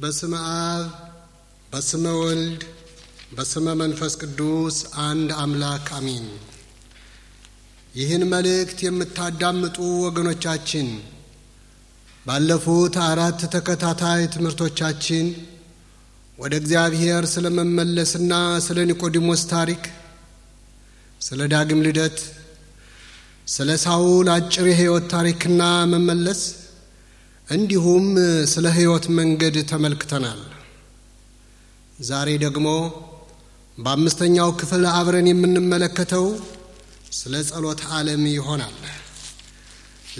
በስመ አብ በስመ ወልድ በስመ መንፈስ ቅዱስ አንድ አምላክ አሚን። ይህን መልእክት የምታዳምጡ ወገኖቻችን ባለፉት አራት ተከታታይ ትምህርቶቻችን ወደ እግዚአብሔር ስለ መመለስና ስለ ኒቆዲሞስ ታሪክ፣ ስለ ዳግም ልደት፣ ስለ ሳውል አጭር የሕይወት ታሪክና መመለስ እንዲሁም ስለ ሕይወት መንገድ ተመልክተናል። ዛሬ ደግሞ በአምስተኛው ክፍል አብረን የምንመለከተው ስለ ጸሎት ዓለም ይሆናል።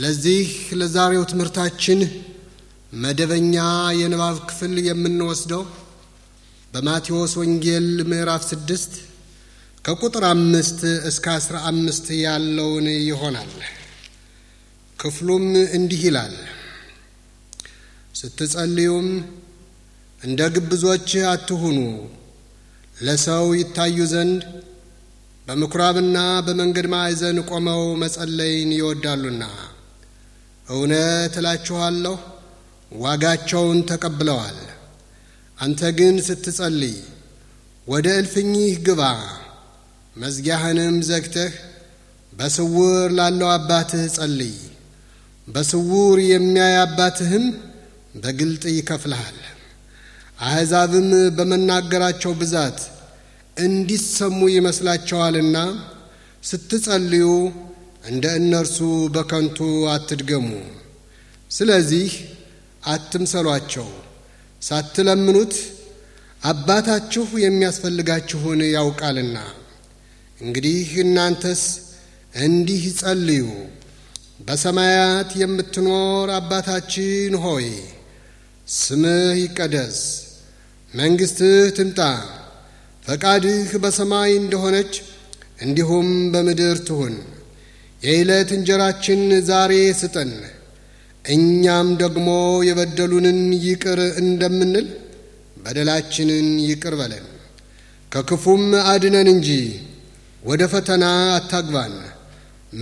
ለዚህ ለዛሬው ትምህርታችን መደበኛ የንባብ ክፍል የምንወስደው በማቴዎስ ወንጌል ምዕራፍ ስድስት ከቁጥር አምስት እስከ አስራ አምስት ያለውን ይሆናል። ክፍሉም እንዲህ ይላል ስትጸልዩም እንደ ግብዞች አትሁኑ፣ ለሰው ይታዩ ዘንድ በምኵራብና በመንገድ ማዕዘን ቆመው መጸለይን ይወዳሉና እውነት እላችኋለሁ ዋጋቸውን ተቀብለዋል። አንተ ግን ስትጸልይ ወደ እልፍኝህ ግባ፣ መዝጊያህንም ዘግተህ በስውር ላለው አባትህ ጸልይ። በስውር የሚያይ አባትህም በግልጥ ይከፍልሃል። አሕዛብም በመናገራቸው ብዛት እንዲሰሙ ይመስላቸዋልና ስትጸልዩ እንደ እነርሱ በከንቱ አትድገሙ። ስለዚህ አትምሰሏቸው፣ ሳትለምኑት አባታችሁ የሚያስፈልጋችሁን ያውቃልና። እንግዲህ እናንተስ እንዲህ ጸልዩ። በሰማያት የምትኖር አባታችን ሆይ ስምህ ይቀደስ፣ መንግሥትህ ትምጣ፣ ፈቃድህ በሰማይ እንደሆነች እንዲሁም በምድር ትሁን። የዕለት እንጀራችን ዛሬ ስጠን፣ እኛም ደግሞ የበደሉንን ይቅር እንደምንል በደላችንን ይቅር በለን፣ ከክፉም አድነን እንጂ ወደ ፈተና አታግባን።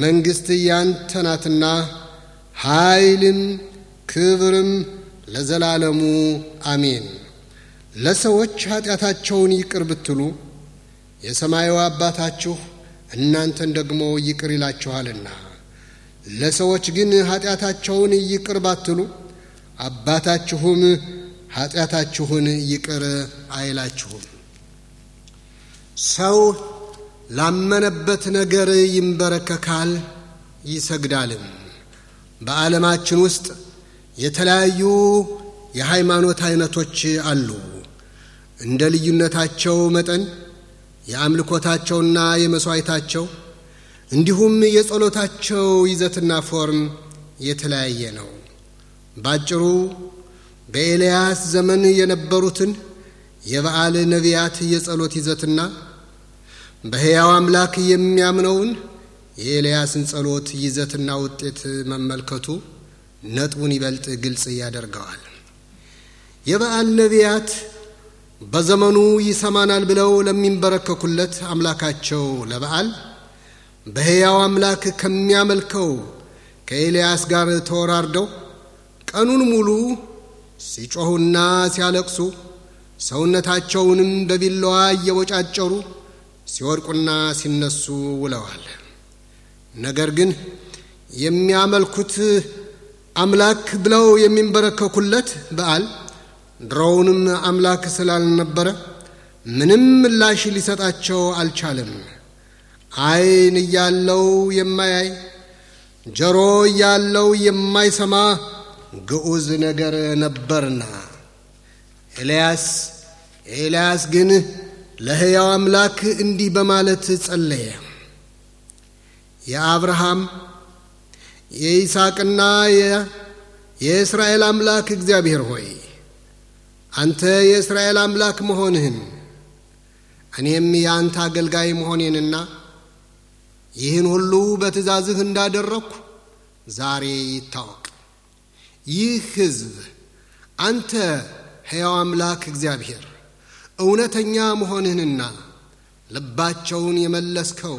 መንግሥት ያንተ ናትና ኃይልም ክብርም ለዘላለሙ አሜን። ለሰዎች ኃጢአታቸውን ይቅር ብትሉ የሰማዩ አባታችሁ እናንተን ደግሞ ይቅር ይላችኋልና፣ ለሰዎች ግን ኃጢአታቸውን ይቅር ባትሉ አባታችሁም ኃጢአታችሁን ይቅር አይላችሁም። ሰው ላመነበት ነገር ይንበረከካል ይሰግዳልም። በዓለማችን ውስጥ የተለያዩ የሃይማኖት አይነቶች አሉ። እንደ ልዩነታቸው መጠን የአምልኮታቸውና የመስዋዕታቸው እንዲሁም የጸሎታቸው ይዘትና ፎርም የተለያየ ነው። ባጭሩ በኤልያስ ዘመን የነበሩትን የበዓል ነቢያት የጸሎት ይዘትና በሕያው አምላክ የሚያምነውን የኤልያስን ጸሎት ይዘትና ውጤት መመልከቱ ነጥቡን ይበልጥ ግልጽ ያደርገዋል። የበዓል ነቢያት በዘመኑ ይሰማናል ብለው ለሚንበረከኩለት አምላካቸው ለበዓል በሕያው አምላክ ከሚያመልከው ከኤልያስ ጋር ተወራርደው ቀኑን ሙሉ ሲጮኹና ሲያለቅሱ ሰውነታቸውንም በቢላዋ እየቦጫጨሩ ሲወድቁና ሲነሱ ውለዋል። ነገር ግን የሚያመልኩት አምላክ ብለው የሚንበረከኩለት በዓል ድሮውንም አምላክ ስላልነበረ ምንም ምላሽ ሊሰጣቸው አልቻለም። አይን እያለው የማያይ ጆሮ እያለው የማይሰማ ግዑዝ ነገር ነበርና ኤልያስ ኤልያስ ግን ለሕያው አምላክ እንዲህ በማለት ጸለየ። የአብርሃም የይስሐቅና የእስራኤል አምላክ እግዚአብሔር ሆይ አንተ የእስራኤል አምላክ መሆንህን እኔም የአንተ አገልጋይ መሆኔንና ይህን ሁሉ በትእዛዝህ እንዳደረግኩ ዛሬ ይታወቅ። ይህ ሕዝብ አንተ ሕያው አምላክ እግዚአብሔር እውነተኛ መሆንህንና ልባቸውን የመለስከው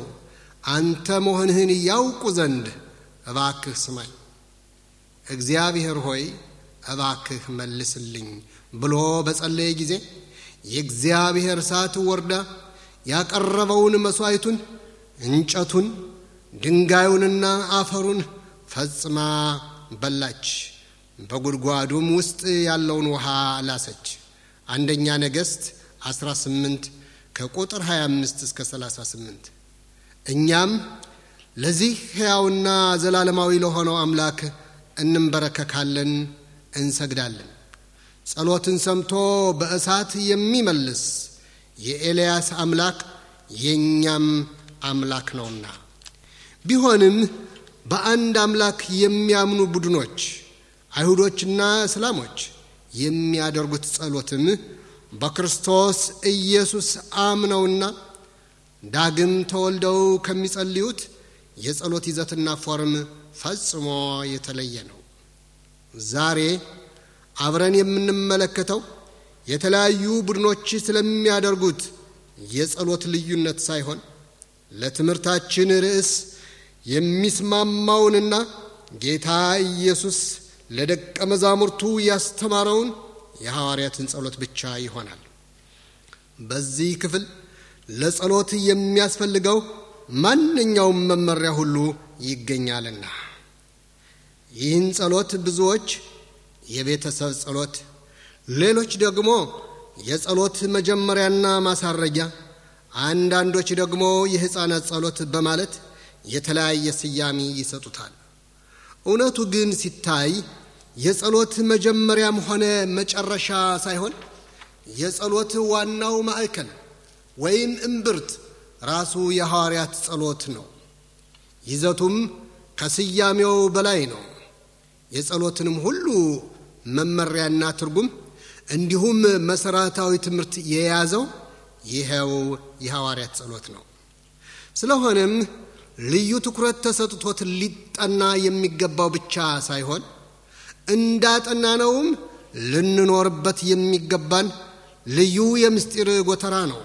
አንተ መሆንህን እያውቁ ዘንድ እባክህ ስማኝ። እግዚአብሔር ሆይ እባክህ መልስልኝ ብሎ በጸለየ ጊዜ የእግዚአብሔር እሳት ወርዳ ያቀረበውን መሥዋዕቱን እንጨቱን ድንጋዩንና አፈሩን ፈጽማ በላች። በጉድጓዱም ውስጥ ያለውን ውሃ ላሰች። አንደኛ ነገሥት 18 ከቁጥር 25 እስከ 38። እኛም ለዚህ ሕያውና ዘላለማዊ ለሆነው አምላክ እንንበረከካለን፣ እንሰግዳለን። ጸሎትን ሰምቶ በእሳት የሚመልስ የኤልያስ አምላክ የእኛም አምላክ ነውና። ቢሆንም በአንድ አምላክ የሚያምኑ ቡድኖች አይሁዶችና እስላሞች የሚያደርጉት ጸሎትም በክርስቶስ ኢየሱስ አምነውና ዳግም ተወልደው ከሚጸልዩት የጸሎት ይዘትና ፎርም ፈጽሞ የተለየ ነው። ዛሬ አብረን የምንመለከተው የተለያዩ ቡድኖች ስለሚያደርጉት የጸሎት ልዩነት ሳይሆን ለትምህርታችን ርዕስ የሚስማማውንና ጌታ ኢየሱስ ለደቀ መዛሙርቱ ያስተማረውን የሐዋርያትን ጸሎት ብቻ ይሆናል። በዚህ ክፍል ለጸሎት የሚያስፈልገው ማንኛውም መመሪያ ሁሉ ይገኛልና ይህን ጸሎት ብዙዎች የቤተሰብ ጸሎት፣ ሌሎች ደግሞ የጸሎት መጀመሪያና ማሳረጊያ፣ አንዳንዶች ደግሞ የሕፃናት ጸሎት በማለት የተለያየ ስያሜ ይሰጡታል። እውነቱ ግን ሲታይ የጸሎት መጀመሪያም ሆነ መጨረሻ ሳይሆን የጸሎት ዋናው ማዕከል ወይም እምብርት ራሱ የሐዋርያት ጸሎት ነው። ይዘቱም ከስያሜው በላይ ነው። የጸሎትንም ሁሉ መመሪያና ትርጉም እንዲሁም መሰረታዊ ትምህርት የያዘው ይኸው የሐዋርያት ጸሎት ነው። ስለሆነም ልዩ ትኩረት ተሰጥቶት ሊጠና የሚገባው ብቻ ሳይሆን እንዳጠናነውም ልንኖርበት የሚገባን ልዩ የምስጢር ጎተራ ነው።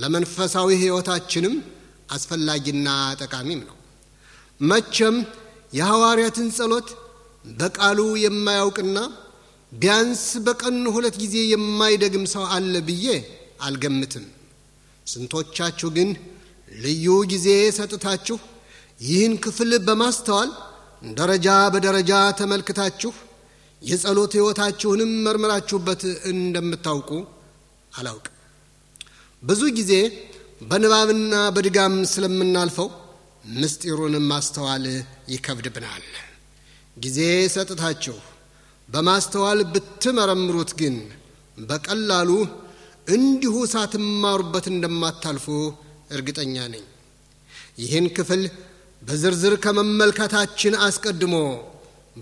ለመንፈሳዊ ሕይወታችንም አስፈላጊና ጠቃሚም ነው። መቼም የሐዋርያትን ጸሎት በቃሉ የማያውቅና ቢያንስ በቀን ሁለት ጊዜ የማይደግም ሰው አለ ብዬ አልገምትም። ስንቶቻችሁ ግን ልዩ ጊዜ ሰጥታችሁ ይህን ክፍል በማስተዋል ደረጃ በደረጃ ተመልክታችሁ የጸሎት ሕይወታችሁንም መርምራችሁበት እንደምታውቁ አላውቅ። ብዙ ጊዜ በንባብና በድጋም ስለምናልፈው ምስጢሩንም ማስተዋል ይከብድብናል። ጊዜ ሰጥታችሁ በማስተዋል ብትመረምሩት ግን በቀላሉ እንዲሁ ሳትማሩበት እንደማታልፉ እርግጠኛ ነኝ። ይህን ክፍል በዝርዝር ከመመልከታችን አስቀድሞ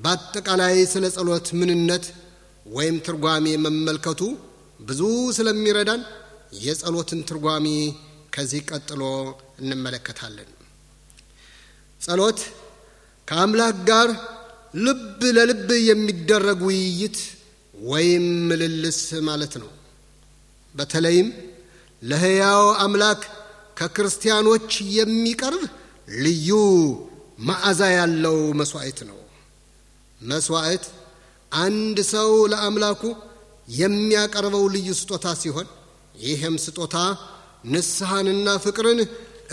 በአጠቃላይ ስለ ጸሎት ምንነት ወይም ትርጓሜ መመልከቱ ብዙ ስለሚረዳን የጸሎትን ትርጓሜ ከዚህ ቀጥሎ እንመለከታለን። ጸሎት፣ ከአምላክ ጋር ልብ ለልብ የሚደረግ ውይይት ወይም ምልልስ ማለት ነው። በተለይም ለሕያው አምላክ ከክርስቲያኖች የሚቀርብ ልዩ መዓዛ ያለው መሥዋዕት ነው። መሥዋዕት አንድ ሰው ለአምላኩ የሚያቀርበው ልዩ ስጦታ ሲሆን ይህም ስጦታ ንስሐንና ፍቅርን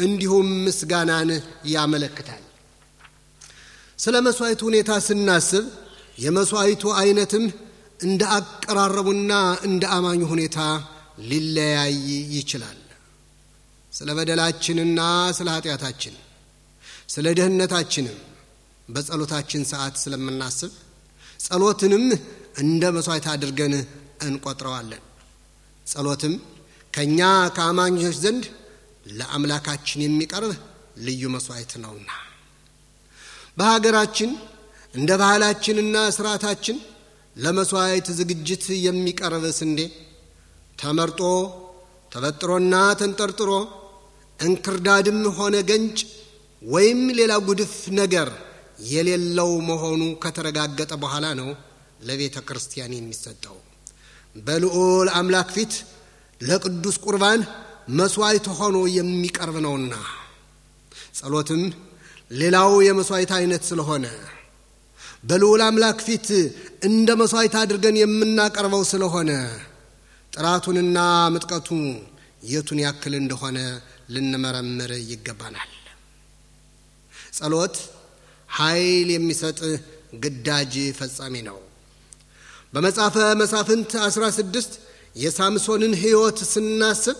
እንዲሁም ምስጋናን ያመለክታል። ስለ መሥዋዕቱ ሁኔታ ስናስብ የመሥዋዕቱ ዐይነትም እንደ አቀራረቡና እንደ አማኙ ሁኔታ ሊለያይ ይችላል። ስለ በደላችንና ስለ ኃጢአታችን፣ ስለ ደህንነታችንም በጸሎታችን ሰዓት ስለምናስብ ጸሎትንም እንደ መሥዋዕት አድርገን እንቆጥረዋለን። ጸሎትም ከእኛ ከአማኞች ዘንድ ለአምላካችን የሚቀርብ ልዩ መስዋዕት ነውና በሀገራችን እንደ ባህላችንና ስርዓታችን ለመስዋዕት ዝግጅት የሚቀርብ ስንዴ ተመርጦ ተበጥሮና ተንጠርጥሮ እንክርዳድም ሆነ ገንጭ ወይም ሌላ ጉድፍ ነገር የሌለው መሆኑ ከተረጋገጠ በኋላ ነው ለቤተ ክርስቲያን የሚሰጠው። በልዑል አምላክ ፊት ለቅዱስ ቁርባን መስዋዕት ሆኖ የሚቀርብ ነውና ጸሎትም ሌላው የመስዋዕት አይነት ስለሆነ በልዑል አምላክ ፊት እንደ መስዋዕት አድርገን የምናቀርበው ስለሆነ ጥራቱንና ምጥቀቱ የቱን ያክል እንደሆነ ልንመረምር ይገባናል። ጸሎት ኃይል የሚሰጥ ግዳጅ ፈጻሚ ነው። በመጽሐፈ መሳፍንት 16 የሳምሶንን ሕይወት ስናስብ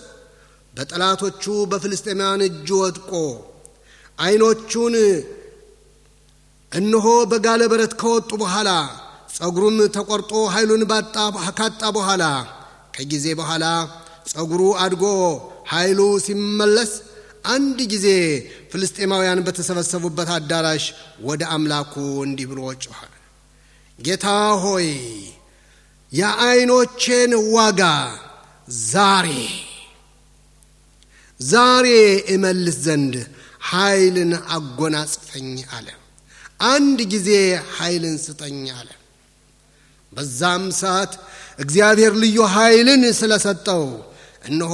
በጠላቶቹ በፍልስጤማውያን እጅ ወድቆ ዐይኖቹን እነሆ በጋለ በረት ከወጡ በኋላ ጸጉሩም ተቆርጦ ኃይሉን ካጣ በኋላ ከጊዜ በኋላ ጸጉሩ አድጎ ኃይሉ ሲመለስ አንድ ጊዜ ፍልስጤማውያን በተሰበሰቡበት አዳራሽ ወደ አምላኩ እንዲህ ብሎ ጮኸ። ጌታ ሆይ የዐይኖቼን ዋጋ ዛሬ ዛሬ እመልስ ዘንድ ኃይልን አጎናጽፈኝ አለ። አንድ ጊዜ ኃይልን ስጠኝ አለ። በዛም ሰዓት እግዚአብሔር ልዩ ኃይልን ስለሰጠው እነሆ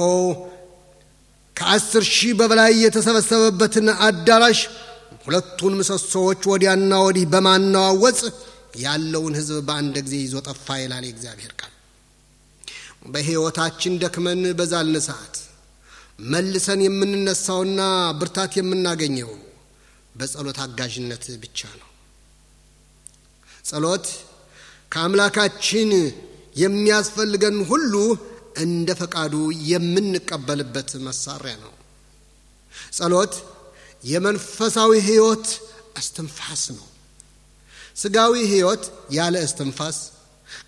ከአስር ሺህ በበላይ የተሰበሰበበትን አዳራሽ ሁለቱን ምሰሶዎች ወዲያና ወዲህ በማናዋወጽ ያለውን ሕዝብ በአንድ ጊዜ ይዞ ጠፋ ይላል የእግዚአብሔር ቃል። በሕይወታችን ደክመን በዛልን ሰዓት መልሰን የምንነሳውና ብርታት የምናገኘው በጸሎት አጋዥነት ብቻ ነው። ጸሎት ከአምላካችን የሚያስፈልገን ሁሉ እንደ ፈቃዱ የምንቀበልበት መሳሪያ ነው። ጸሎት የመንፈሳዊ ሕይወት እስትንፋስ ነው። ስጋዊ ሕይወት ያለ እስትንፋስ፣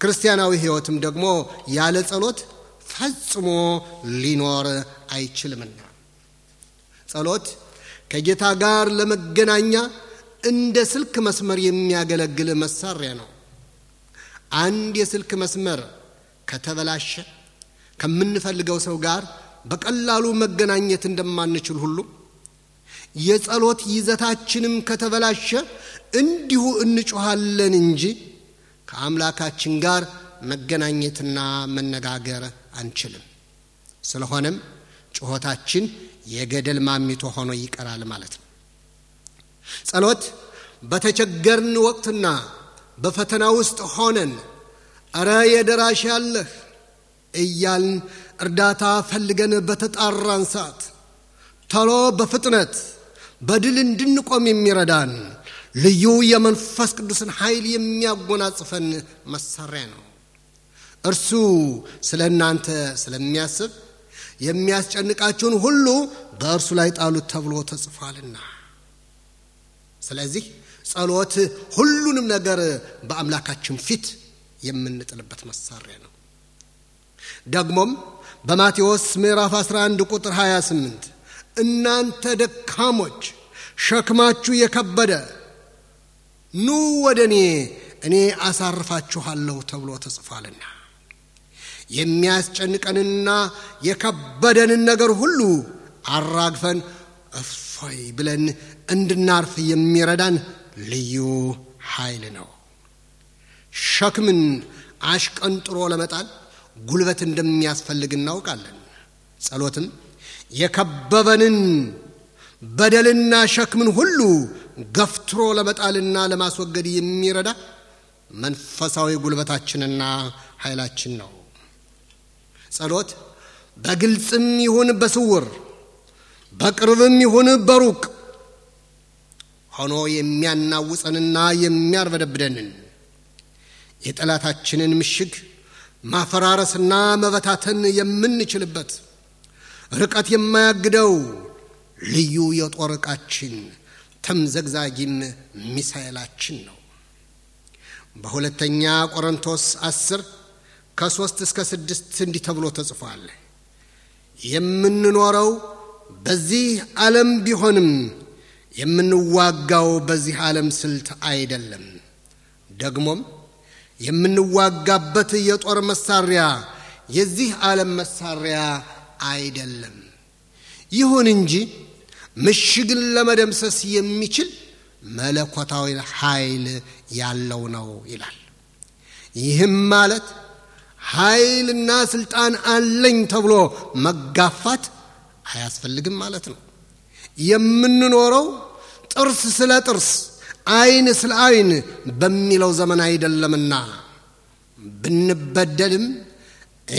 ክርስቲያናዊ ሕይወትም ደግሞ ያለ ጸሎት ፈጽሞ ሊኖር አይችልምና ጸሎት ከጌታ ጋር ለመገናኛ እንደ ስልክ መስመር የሚያገለግል መሳሪያ ነው። አንድ የስልክ መስመር ከተበላሸ ከምንፈልገው ሰው ጋር በቀላሉ መገናኘት እንደማንችል ሁሉ የጸሎት ይዘታችንም ከተበላሸ እንዲሁ እንጮኋለን እንጂ ከአምላካችን ጋር መገናኘትና መነጋገር አንችልም። ስለሆነም ጩኸታችን የገደል ማሚቶ ሆኖ ይቀራል ማለት ነው። ጸሎት በተቸገርን ወቅትና በፈተና ውስጥ ሆነን እረ የደራሽ ያለህ እያልን እርዳታ ፈልገን በተጣራን ሰዓት ቶሎ በፍጥነት በድል እንድንቆም የሚረዳን ልዩ የመንፈስ ቅዱስን ኃይል የሚያጎናጽፈን መሳሪያ ነው። እርሱ ስለ እናንተ ስለሚያስብ የሚያስጨንቃችሁን ሁሉ በእርሱ ላይ ጣሉት ተብሎ ተጽፏልና ስለዚህ ጸሎት ሁሉንም ነገር በአምላካችን ፊት የምንጥልበት መሳሪያ ነው ደግሞም በማቴዎስ ምዕራፍ 11 ቁጥር 28 እናንተ ደካሞች ሸክማችሁ የከበደ ኑ ወደ እኔ እኔ አሳርፋችኋለሁ ተብሎ ተጽፏልና የሚያስጨንቀንና የከበደንን ነገር ሁሉ አራግፈን እፎይ ብለን እንድናርፍ የሚረዳን ልዩ ኃይል ነው። ሸክምን አሽቀንጥሮ ለመጣል ጉልበት እንደሚያስፈልግ እናውቃለን። ጸሎትም የከበበንን በደልና ሸክምን ሁሉ ገፍትሮ ለመጣልና ለማስወገድ የሚረዳ መንፈሳዊ ጉልበታችንና ኃይላችን ነው። ጸሎት በግልጽም ይሁን በስውር በቅርብም ይሁን በሩቅ ሆኖ የሚያናውፀንና የሚያርበደብደንን የጠላታችንን ምሽግ ማፈራረስና መበታተን የምንችልበት ርቀት የማያግደው ልዩ የጦር ዕቃችን ተምዘግዛጊም ሚሳኤላችን ነው። በሁለተኛ ቆሮንቶስ አስር ከሶስት እስከ ስድስት እንዲህ ተብሎ ተጽፏል። የምንኖረው በዚህ ዓለም ቢሆንም የምንዋጋው በዚህ ዓለም ስልት አይደለም። ደግሞም የምንዋጋበት የጦር መሳሪያ የዚህ ዓለም መሳሪያ አይደለም። ይሁን እንጂ ምሽግን ለመደምሰስ የሚችል መለኮታዊ ኃይል ያለው ነው ይላል። ይህም ማለት ኃይልና ስልጣን አለኝ ተብሎ መጋፋት አያስፈልግም ማለት ነው። የምንኖረው ጥርስ ስለ ጥርስ አይን ስለ አይን በሚለው ዘመን አይደለምና ብንበደልም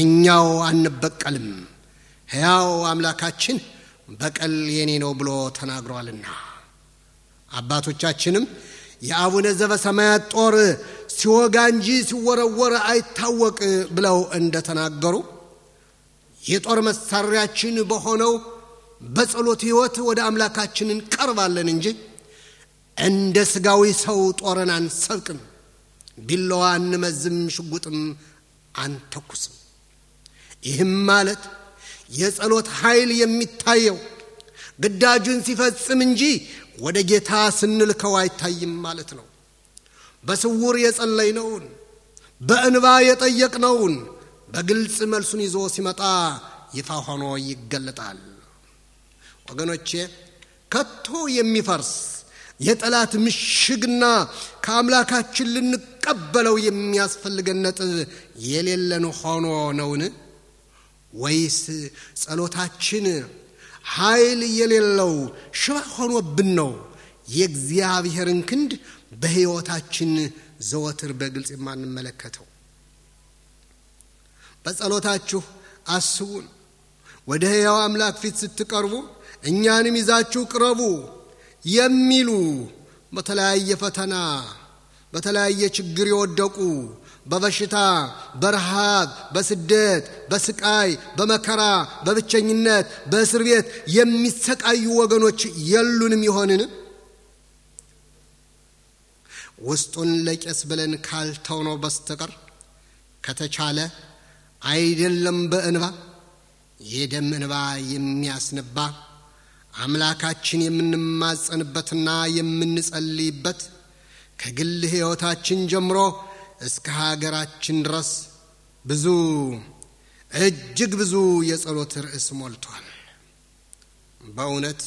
እኛው አንበቀልም። ሕያው አምላካችን በቀል የኔ ነው ብሎ ተናግሯልና አባቶቻችንም የአቡነ ዘበ ሰማያት ጦር ሲወጋ እንጂ ሲወረወረ አይታወቅ ብለው እንደተናገሩ የጦር መሳሪያችን በሆነው በጸሎት ሕይወት ወደ አምላካችን እንቀርባለን እንጂ እንደ ስጋዊ ሰው ጦርን አንሰብቅም፣ ቢላዋ አንመዝም፣ ሽጉጥም አንተኩስም። ይህም ማለት የጸሎት ኃይል የሚታየው ግዳጁን ሲፈጽም እንጂ ወደ ጌታ ስንልከው አይታይም ማለት ነው። በስውር የጸለይነውን በእንባ የጠየቅነውን በግልጽ መልሱን ይዞ ሲመጣ ይፋ ሆኖ ይገለጣል። ወገኖቼ ከቶ የሚፈርስ የጠላት ምሽግና ከአምላካችን ልንቀበለው የሚያስፈልገን ነጥብ የሌለን ሆኖ ነውን? ወይስ ጸሎታችን ኃይል የሌለው ሽባ ሆኖብን ነው የእግዚአብሔርን ክንድ በሕይወታችን ዘወትር በግልጽ የማንመለከተው። በጸሎታችሁ አስቡን። ወደ ሕያው አምላክ ፊት ስትቀርቡ እኛንም ይዛችሁ ቅረቡ የሚሉ በተለያየ ፈተና በተለያየ ችግር የወደቁ በበሽታ፣ በረሃብ፣ በስደት፣ በስቃይ፣ በመከራ፣ በብቸኝነት፣ በእስር ቤት የሚሰቃዩ ወገኖች የሉንም ይሆንን? ውስጡን ለቄስ ብለን ካልተው ነው በስተቀር ከተቻለ አይደለም በእንባ የደም እንባ የሚያስነባ አምላካችን የምንማጸንበትና የምንጸልይበት ከግል ሕይወታችን ጀምሮ እስከ ሀገራችን ድረስ ብዙ እጅግ ብዙ የጸሎት ርዕስ ሞልቷል። በእውነት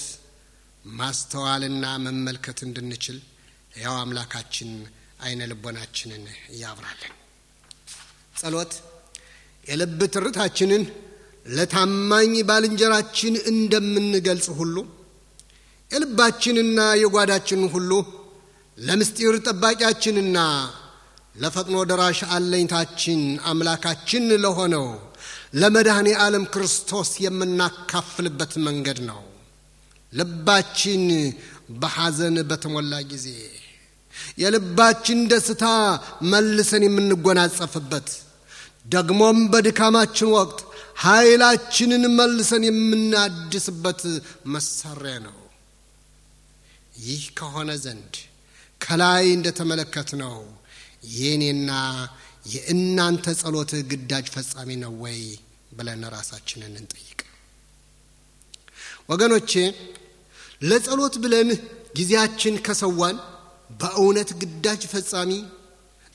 ማስተዋልና መመልከት እንድንችል ያው አምላካችን አይነ ልቦናችንን ያብራልን። ጸሎት የልብ ትርታችንን ለታማኝ ባልንጀራችን እንደምንገልጽ ሁሉ የልባችንና የጓዳችን ሁሉ ለምስጢር ጠባቂያችንና ለፈጥኖ ደራሽ አለኝታችን አምላካችን ለሆነው ለመድኃኔ ዓለም ክርስቶስ የምናካፍልበት መንገድ ነው። ልባችን በሐዘን በተሞላ ጊዜ የልባችን ደስታ መልሰን የምንጎናጸፍበት ደግሞም በድካማችን ወቅት ኃይላችንን መልሰን የምናድስበት መሳሪያ ነው። ይህ ከሆነ ዘንድ ከላይ ነው። የእኔና የእናንተ ጸሎት ግዳጅ ፈጻሚ ነው ወይ ብለን ራሳችንን እንጠይቅ። ወገኖቼ ለጸሎት ብለን ጊዜያችን ከሰዋን በእውነት ግዳጅ ፈጻሚ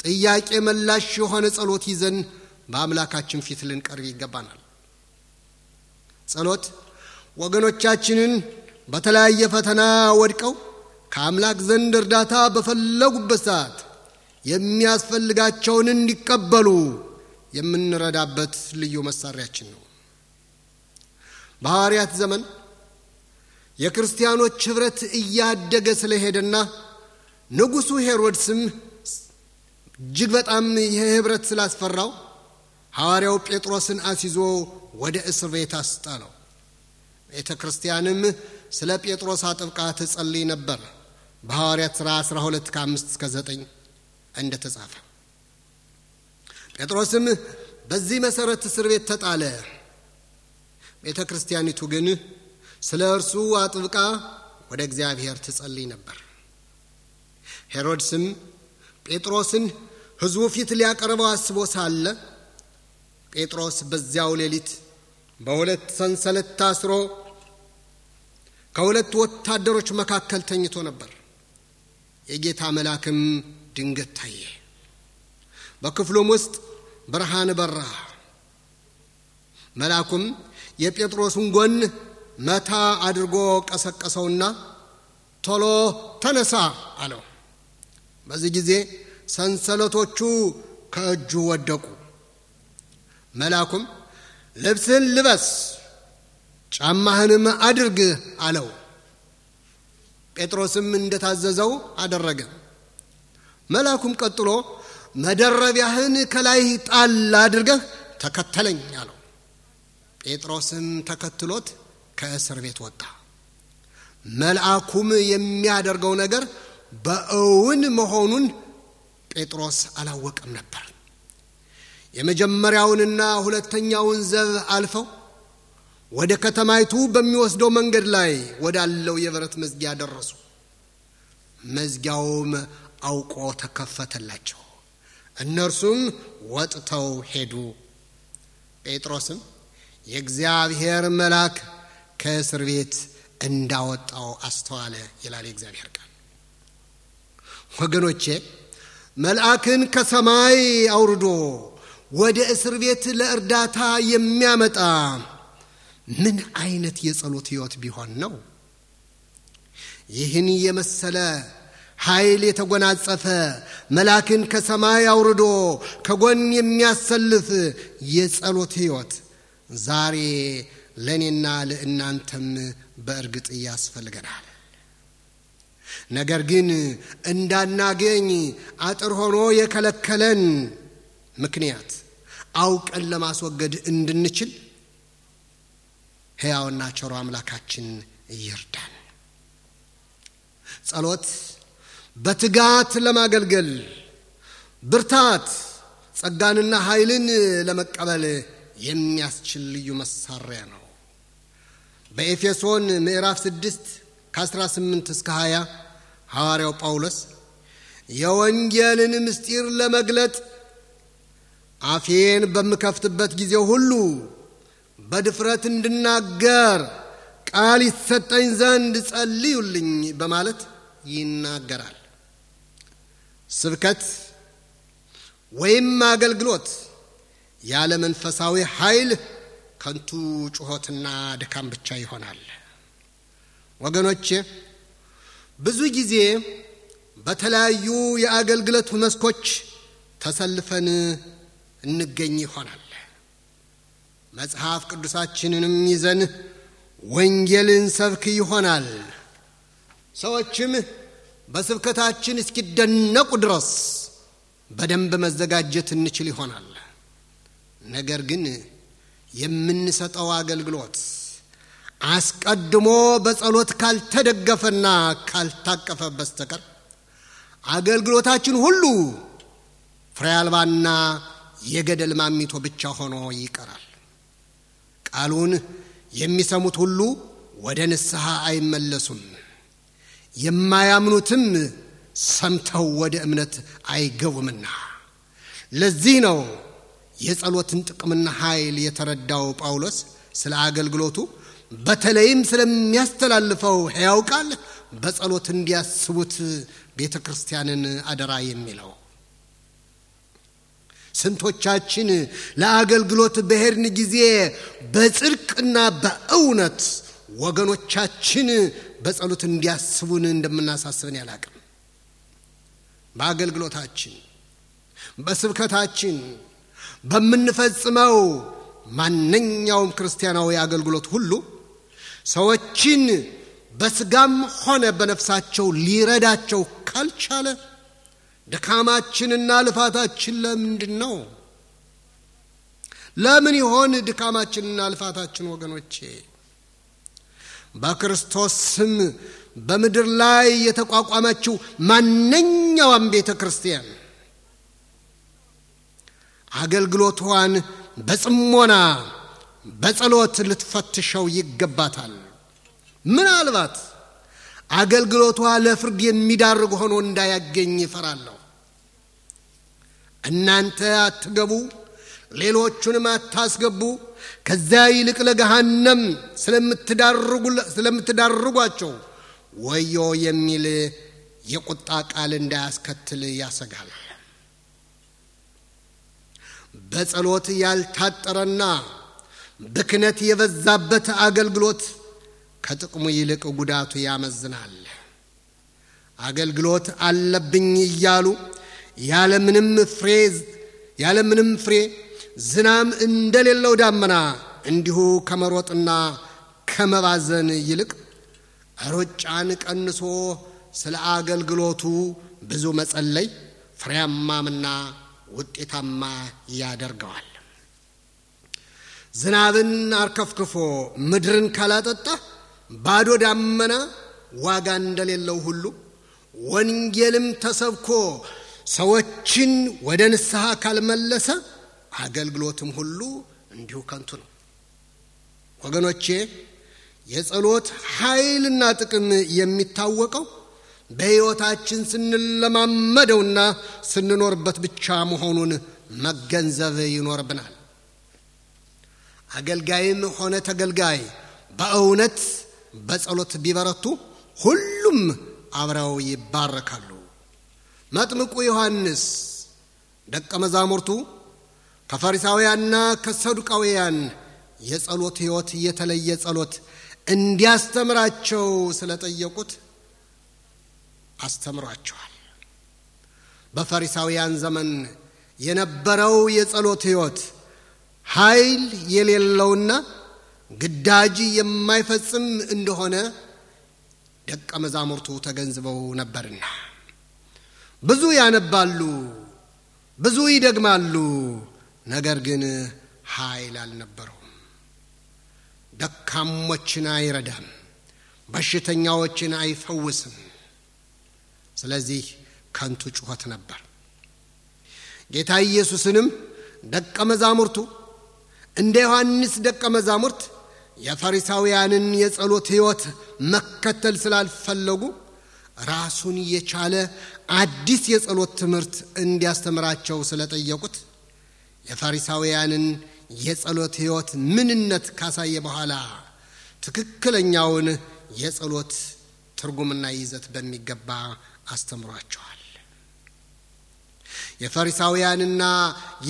ጥያቄ መላሽ የሆነ ጸሎት ይዘን በአምላካችን ፊት ልንቀርብ ይገባናል። ጸሎት ወገኖቻችንን በተለያየ ፈተና ወድቀው ከአምላክ ዘንድ እርዳታ በፈለጉበት ሰዓት የሚያስፈልጋቸውን እንዲቀበሉ የምንረዳበት ልዩ መሳሪያችን ነው። በሐዋርያት ዘመን የክርስቲያኖች ኅብረት እያደገ ስለሄደና ንጉሡ ሄሮድስም እጅግ በጣም ይህ ኅብረት ስላስፈራው ሐዋርያው ጴጥሮስን አስይዞ ወደ እስር ቤት አስጣለው። ቤተ ክርስቲያንም ስለ ጴጥሮስ አጥብቃ ትጸልይ ነበር። በሐዋርያት ሥራ 12 ከ5 እስከ 9 እንደተጻፈ ጴጥሮስም በዚህ መሰረት እስር ቤት ተጣለ። ቤተ ክርስቲያኒቱ ግን ስለ እርሱ አጥብቃ ወደ እግዚአብሔር ትጸልይ ነበር። ሄሮድስም ጴጥሮስን ሕዝቡ ፊት ሊያቀርበው አስቦ ሳለ ጴጥሮስ በዚያው ሌሊት በሁለት ሰንሰለት ታስሮ ከሁለት ወታደሮች መካከል ተኝቶ ነበር። የጌታ መልአክም ድንገት ታየ። በክፍሉም ውስጥ ብርሃን በራ። መልአኩም የጴጥሮስን ጎን መታ አድርጎ ቀሰቀሰውና ቶሎ ተነሳ አለው። በዚህ ጊዜ ሰንሰለቶቹ ከእጁ ወደቁ። መልአኩም ልብስን ልበስ፣ ጫማህንም አድርግ አለው። ጴጥሮስም እንደታዘዘው አደረገ። መላኩም ቀጥሎ መደረቢያህን ከላይ ጣል አድርገህ ተከተለኝ አለው ጴጥሮስም ተከትሎት ከእስር ቤት ወጣ መልአኩም የሚያደርገው ነገር በእውን መሆኑን ጴጥሮስ አላወቀም ነበር የመጀመሪያውንና ሁለተኛውን ዘብ አልፈው ወደ ከተማይቱ በሚወስደው መንገድ ላይ ወዳለው የብረት መዝጊያ ደረሱ መዝጊያውም አውቆ ተከፈተላቸው። እነርሱም ወጥተው ሄዱ። ጴጥሮስም የእግዚአብሔር መልአክ ከእስር ቤት እንዳወጣው አስተዋለ ይላል የእግዚአብሔር ቃል። ወገኖቼ መልአክን ከሰማይ አውርዶ ወደ እስር ቤት ለእርዳታ የሚያመጣ ምን አይነት የጸሎት ሕይወት ቢሆን ነው? ይህን የመሰለ ኃይል የተጎናጸፈ መላክን ከሰማይ አውርዶ ከጎን የሚያሰልፍ የጸሎት ሕይወት ዛሬ ለእኔና ለእናንተም በእርግጥ ያስፈልገናል። ነገር ግን እንዳናገኝ አጥር ሆኖ የከለከለን ምክንያት አውቀን ለማስወገድ እንድንችል ሕያውና ቸሮ አምላካችን ይርዳን። ጸሎት በትጋት ለማገልገል ብርታት ጸጋንና ኃይልን ለመቀበል የሚያስችል ልዩ መሳሪያ ነው። በኤፌሶን ምዕራፍ 6 ከ18 እስከ 20 ሐዋርያው ጳውሎስ የወንጌልን ምስጢር ለመግለጥ አፌን በምከፍትበት ጊዜ ሁሉ በድፍረት እንድናገር ቃል ይሰጠኝ ዘንድ ጸልዩልኝ በማለት ይናገራል። ስብከት ወይም አገልግሎት ያለ መንፈሳዊ ኃይል ከንቱ ጩኸትና ድካም ብቻ ይሆናል። ወገኖቼ ብዙ ጊዜ በተለያዩ የአገልግሎት መስኮች ተሰልፈን እንገኝ ይሆናል። መጽሐፍ ቅዱሳችንንም ይዘን ወንጌልን ሰብክ ይሆናል። ሰዎችም በስብከታችን እስኪደነቁ ድረስ በደንብ መዘጋጀት እንችል ይሆናል። ነገር ግን የምንሰጠው አገልግሎት አስቀድሞ በጸሎት ካልተደገፈና ካልታቀፈ በስተቀር አገልግሎታችን ሁሉ ፍሬ አልባና የገደል ማሚቶ ብቻ ሆኖ ይቀራል። ቃሉን የሚሰሙት ሁሉ ወደ ንስሐ አይመለሱም። የማያምኑትም ሰምተው ወደ እምነት አይገቡምና ለዚህ ነው የጸሎትን ጥቅምና ኃይል የተረዳው ጳውሎስ ስለ አገልግሎቱ በተለይም ስለሚያስተላልፈው ሕያው ቃል በጸሎት እንዲያስቡት ቤተ ክርስቲያንን አደራ የሚለው። ስንቶቻችን ለአገልግሎት በሄድን ጊዜ በጽድቅና በእውነት ወገኖቻችን በጸሎት እንዲያስቡን እንደምናሳስብን ያላቅም በአገልግሎታችን በስብከታችን በምንፈጽመው ማንኛውም ክርስቲያናዊ አገልግሎት ሁሉ ሰዎችን በስጋም ሆነ በነፍሳቸው ሊረዳቸው ካልቻለ ድካማችንና ልፋታችን ለምንድን ነው? ለምን ይሆን ድካማችንና ልፋታችን ወገኖቼ? በክርስቶስ ስም በምድር ላይ የተቋቋመችው ማንኛውም ቤተ ክርስቲያን አገልግሎቷን በጽሞና በጸሎት ልትፈትሸው ይገባታል። ምናልባት አገልግሎቷ ለፍርድ የሚዳርግ ሆኖ እንዳያገኝ ይፈራለሁ። እናንተ አትገቡ ሌሎቹንም አታስገቡ ከዚያ ይልቅ ለገሃነም ስለምትዳርጓቸው ወዮ የሚል የቁጣ ቃል እንዳያስከትል ያሰጋል በጸሎት ያልታጠረና ብክነት የበዛበት አገልግሎት ከጥቅሙ ይልቅ ጉዳቱ ያመዝናል አገልግሎት አለብኝ እያሉ ያለምንም ፍሬ ያለምንም ፍሬ ዝናም እንደሌለው ዳመና እንዲሁ ከመሮጥና ከመባዘን ይልቅ ሩጫን ቀንሶ ስለ አገልግሎቱ ብዙ መጸለይ ፍሬያማምና ውጤታማ ያደርገዋል። ዝናብን አርከፍክፎ ምድርን ካላጠጣ ባዶ ዳመና ዋጋ እንደሌለው ሁሉ ወንጌልም ተሰብኮ ሰዎችን ወደ ንስሐ ካልመለሰ አገልግሎትም ሁሉ እንዲሁ ከንቱ ነው። ወገኖቼ የጸሎት ኃይልና ጥቅም የሚታወቀው በሕይወታችን ስንለማመደውና ስንኖርበት ብቻ መሆኑን መገንዘብ ይኖርብናል። አገልጋይም ሆነ ተገልጋይ በእውነት በጸሎት ቢበረቱ ሁሉም አብረው ይባረካሉ። መጥምቁ ዮሐንስ ደቀ መዛሙርቱ ከፈሪሳውያንና ከሰዱቃውያን የጸሎት ሕይወት የተለየ ጸሎት እንዲያስተምራቸው ስለጠየቁት አስተምሯቸዋል። በፈሪሳውያን ዘመን የነበረው የጸሎት ሕይወት ኃይል የሌለውና ግዳጅ የማይፈጽም እንደሆነ ደቀ መዛሙርቱ ተገንዝበው ነበርና ብዙ ያነባሉ፣ ብዙ ይደግማሉ ነገር ግን ኃይል አልነበረውም። ደካሞችን አይረዳም፣ በሽተኛዎችን አይፈውስም። ስለዚህ ከንቱ ጩኸት ነበር። ጌታ ኢየሱስንም ደቀ መዛሙርቱ እንደ ዮሐንስ ደቀ መዛሙርት የፈሪሳውያንን የጸሎት ሕይወት መከተል ስላልፈለጉ ራሱን የቻለ አዲስ የጸሎት ትምህርት እንዲያስተምራቸው ስለጠየቁት የፋሪሳውያንን የጸሎት ሕይወት ምንነት ካሳየ በኋላ ትክክለኛውን የጸሎት ትርጉምና ይዘት በሚገባ አስተምሯቸዋል። የፈሪሳውያንና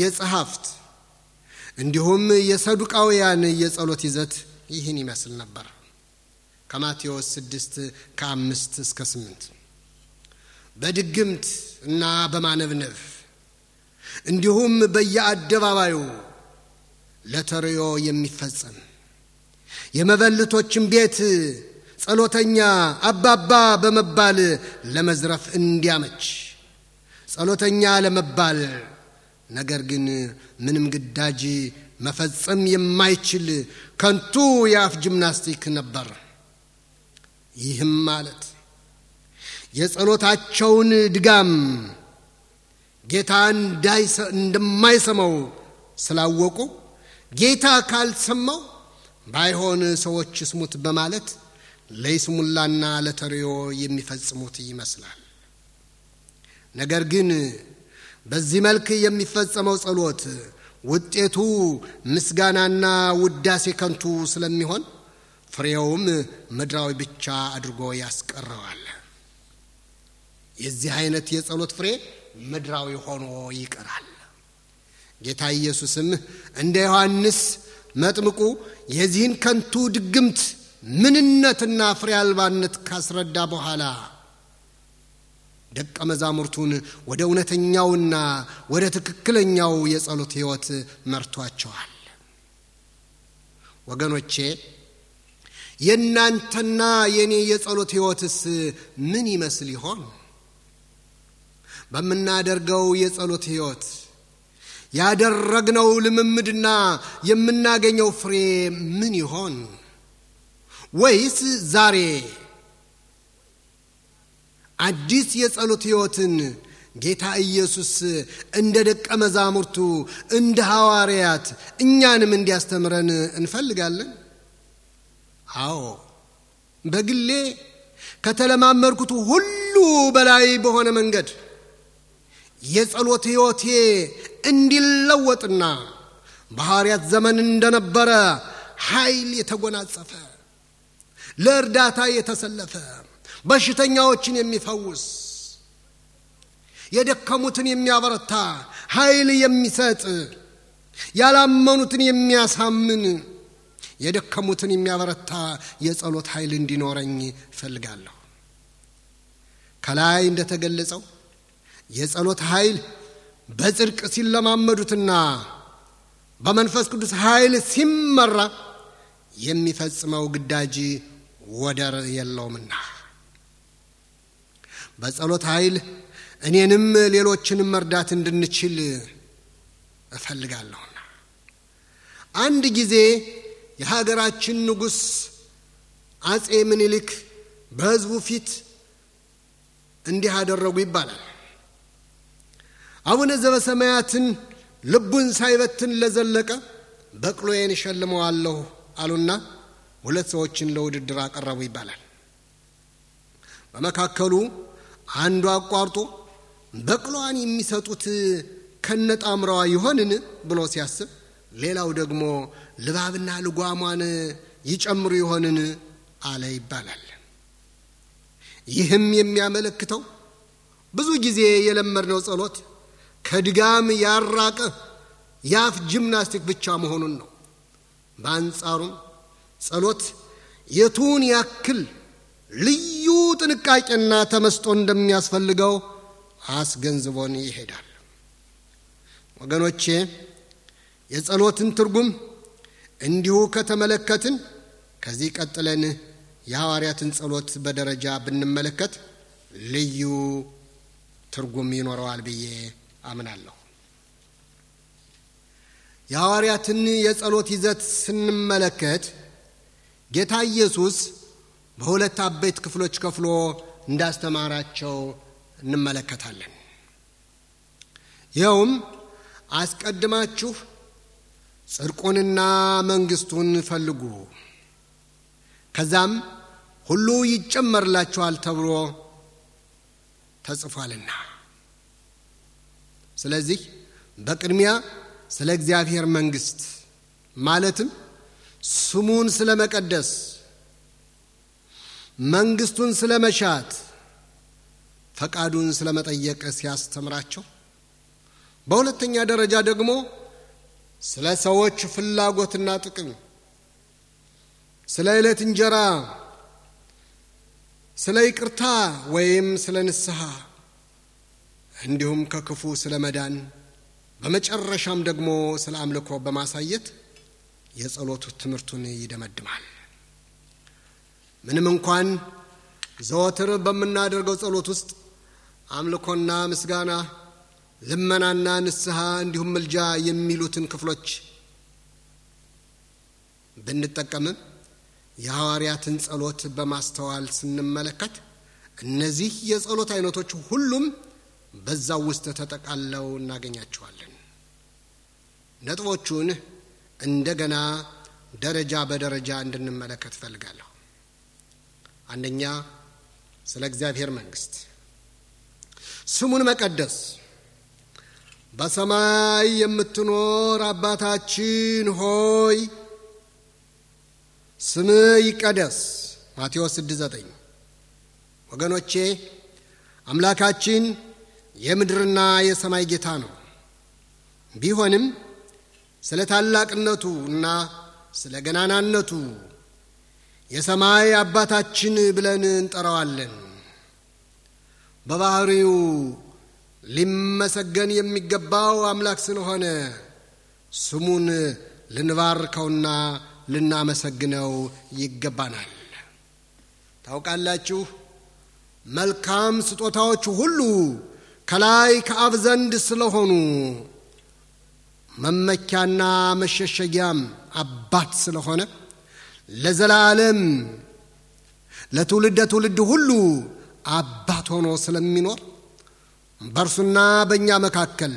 የጸሐፍት እንዲሁም የሰዱቃውያን የጸሎት ይዘት ይህን ይመስል ነበር። ከማቴዎስ ስድስት ከአምስት እስከ ስምንት በድግምት እና በማነብነብ እንዲሁም በየአደባባዩ ለተርዮ የሚፈጸም የመበልቶችን ቤት ጸሎተኛ አባባ በመባል ለመዝረፍ እንዲያመች ጸሎተኛ ለመባል ነገር ግን ምንም ግዳጅ መፈጸም የማይችል ከንቱ የአፍ ጂምናስቲክ ነበር። ይህም ማለት የጸሎታቸውን ድጋም ጌታ እንደማይሰማው ስላወቁ ጌታ ካልሰማው ባይሆን ሰዎች ስሙት በማለት ለይስሙላና ለተሪዮ የሚፈጽሙት ይመስላል። ነገር ግን በዚህ መልክ የሚፈጸመው ጸሎት ውጤቱ ምስጋናና ውዳሴ ከንቱ ስለሚሆን ፍሬውም ምድራዊ ብቻ አድርጎ ያስቀረዋል። የዚህ አይነት የጸሎት ፍሬ ምድራዊ ሆኖ ይቀራል። ጌታ ኢየሱስም እንደ ዮሐንስ መጥምቁ የዚህን ከንቱ ድግምት ምንነትና ፍሬ አልባነት ካስረዳ በኋላ ደቀ መዛሙርቱን ወደ እውነተኛውና ወደ ትክክለኛው የጸሎት ሕይወት መርቷቸዋል። ወገኖቼ የእናንተና የእኔ የጸሎት ሕይወትስ ምን ይመስል ይሆን? በምናደርገው የጸሎት ሕይወት ያደረግነው ልምምድና የምናገኘው ፍሬ ምን ይሆን? ወይስ ዛሬ አዲስ የጸሎት ሕይወትን ጌታ ኢየሱስ እንደ ደቀ መዛሙርቱ እንደ ሐዋርያት እኛንም እንዲያስተምረን እንፈልጋለን? አዎ፣ በግሌ ከተለማመርኩት ሁሉ በላይ በሆነ መንገድ የጸሎት ሕይወቴ እንዲለወጥና በሐዋርያት ዘመን እንደነበረ ኃይል የተጎናጸፈ ለእርዳታ የተሰለፈ በሽተኛዎችን የሚፈውስ የደከሙትን የሚያበረታ ኃይል የሚሰጥ ያላመኑትን የሚያሳምን የደከሙትን የሚያበረታ የጸሎት ኃይል እንዲኖረኝ ፈልጋለሁ ከላይ እንደተገለጸው የጸሎት ኃይል በጽድቅ ሲለማመዱትና በመንፈስ ቅዱስ ኃይል ሲመራ የሚፈጽመው ግዳጅ ወደር የለውምና በጸሎት ኃይል እኔንም ሌሎችንም መርዳት እንድንችል እፈልጋለሁና አንድ ጊዜ የሀገራችን ንጉሥ አጼ ምኒልክ በሕዝቡ ፊት እንዲህ አደረጉ ይባላል። አቡነ ዘበሰማያትን ልቡን ሳይበትን ለዘለቀ በቅሎዬን እሸልመዋለሁ አሉና ሁለት ሰዎችን ለውድድር አቀረቡ ይባላል። በመካከሉ አንዱ አቋርጦ በቅሎዋን የሚሰጡት ከነጣምረዋ ይሆንን ብሎ ሲያስብ፣ ሌላው ደግሞ ልባብና ልጓሟን ይጨምሩ ይሆንን አለ ይባላል። ይህም የሚያመለክተው ብዙ ጊዜ የለመድነው ጸሎት ከድጋም ያራቀ የአፍ ጂምናስቲክ ብቻ መሆኑን ነው። በአንጻሩም ጸሎት የቱን ያክል ልዩ ጥንቃቄና ተመስጦ እንደሚያስፈልገው አስገንዝቦን ይሄዳል። ወገኖቼ የጸሎትን ትርጉም እንዲሁ ከተመለከትን ከዚህ ቀጥለን የሐዋርያትን ጸሎት በደረጃ ብንመለከት ልዩ ትርጉም ይኖረዋል ብዬ አምናለሁ። የሐዋርያትን የጸሎት ይዘት ስንመለከት ጌታ ኢየሱስ በሁለት አበይት ክፍሎች ከፍሎ እንዳስተማራቸው እንመለከታለን። ይኸውም አስቀድማችሁ ጽድቁንና መንግሥቱን ፈልጉ ከዛም ሁሉ ይጨመርላችኋል ተብሎ ተጽፏልና ስለዚህ በቅድሚያ ስለ እግዚአብሔር መንግስት ማለትም ስሙን ስለ መቀደስ መንግስቱን ስለ መሻት ፈቃዱን ስለ መጠየቅ ሲያስተምራቸው በሁለተኛ ደረጃ ደግሞ ስለ ሰዎች ፍላጎትና ጥቅም ስለ ዕለት እንጀራ ስለ ይቅርታ ወይም ስለ ንስሐ እንዲሁም ከክፉ ስለ መዳን በመጨረሻም ደግሞ ስለ አምልኮ በማሳየት የጸሎቱ ትምህርቱን ይደመድማል። ምንም እንኳን ዘወትር በምናደርገው ጸሎት ውስጥ አምልኮና ምስጋና፣ ልመናና ንስሐ እንዲሁም ምልጃ የሚሉትን ክፍሎች ብንጠቀምም የሐዋርያትን ጸሎት በማስተዋል ስንመለከት እነዚህ የጸሎት አይነቶች ሁሉም በዛው ውስጥ ተጠቃለው እናገኛቸዋለን። ነጥቦቹን እንደገና ደረጃ በደረጃ እንድንመለከት ፈልጋለሁ። አንደኛ ስለ እግዚአብሔር መንግስት፣ ስሙን መቀደስ። በሰማይ የምትኖር አባታችን ሆይ ስም ይቀደስ። ማቴዎስ 6 9 ወገኖቼ አምላካችን የምድርና የሰማይ ጌታ ነው። ቢሆንም ስለ ታላቅነቱ እና ስለ ገናናነቱ የሰማይ አባታችን ብለን እንጠራዋለን። በባህሪው ሊመሰገን የሚገባው አምላክ ስለሆነ ስሙን ልንባርከውና ልናመሰግነው ይገባናል። ታውቃላችሁ መልካም ስጦታዎች ሁሉ ከላይ ከአብ ዘንድ ስለሆኑ መመኪያና መሸሸጊያም አባት ስለሆነ ለዘላለም ለትውልደ ትውልድ ሁሉ አባት ሆኖ ስለሚኖር በእርሱና በእኛ መካከል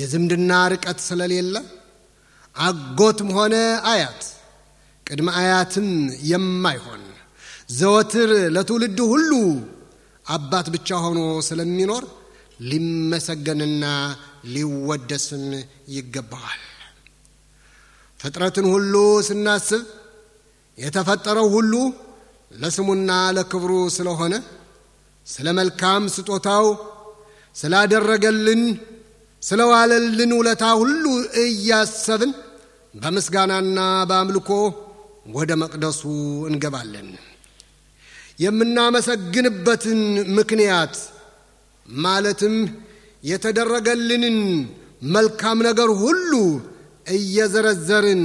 የዝምድና ርቀት ስለሌለ አጎትም ሆነ አያት ቅድመ አያትም የማይሆን ዘወትር ለትውልድ ሁሉ አባት ብቻ ሆኖ ስለሚኖር ሊመሰገንና ሊወደስም ይገባዋል። ፍጥረትን ሁሉ ስናስብ የተፈጠረው ሁሉ ለስሙና ለክብሩ ስለሆነ ስለ መልካም ስጦታው ስላደረገልን ስለ ዋለልን ውለታ ሁሉ እያሰብን በምስጋናና በአምልኮ ወደ መቅደሱ እንገባለን። የምናመሰግንበትን ምክንያት ማለትም የተደረገልንን መልካም ነገር ሁሉ እየዘረዘርን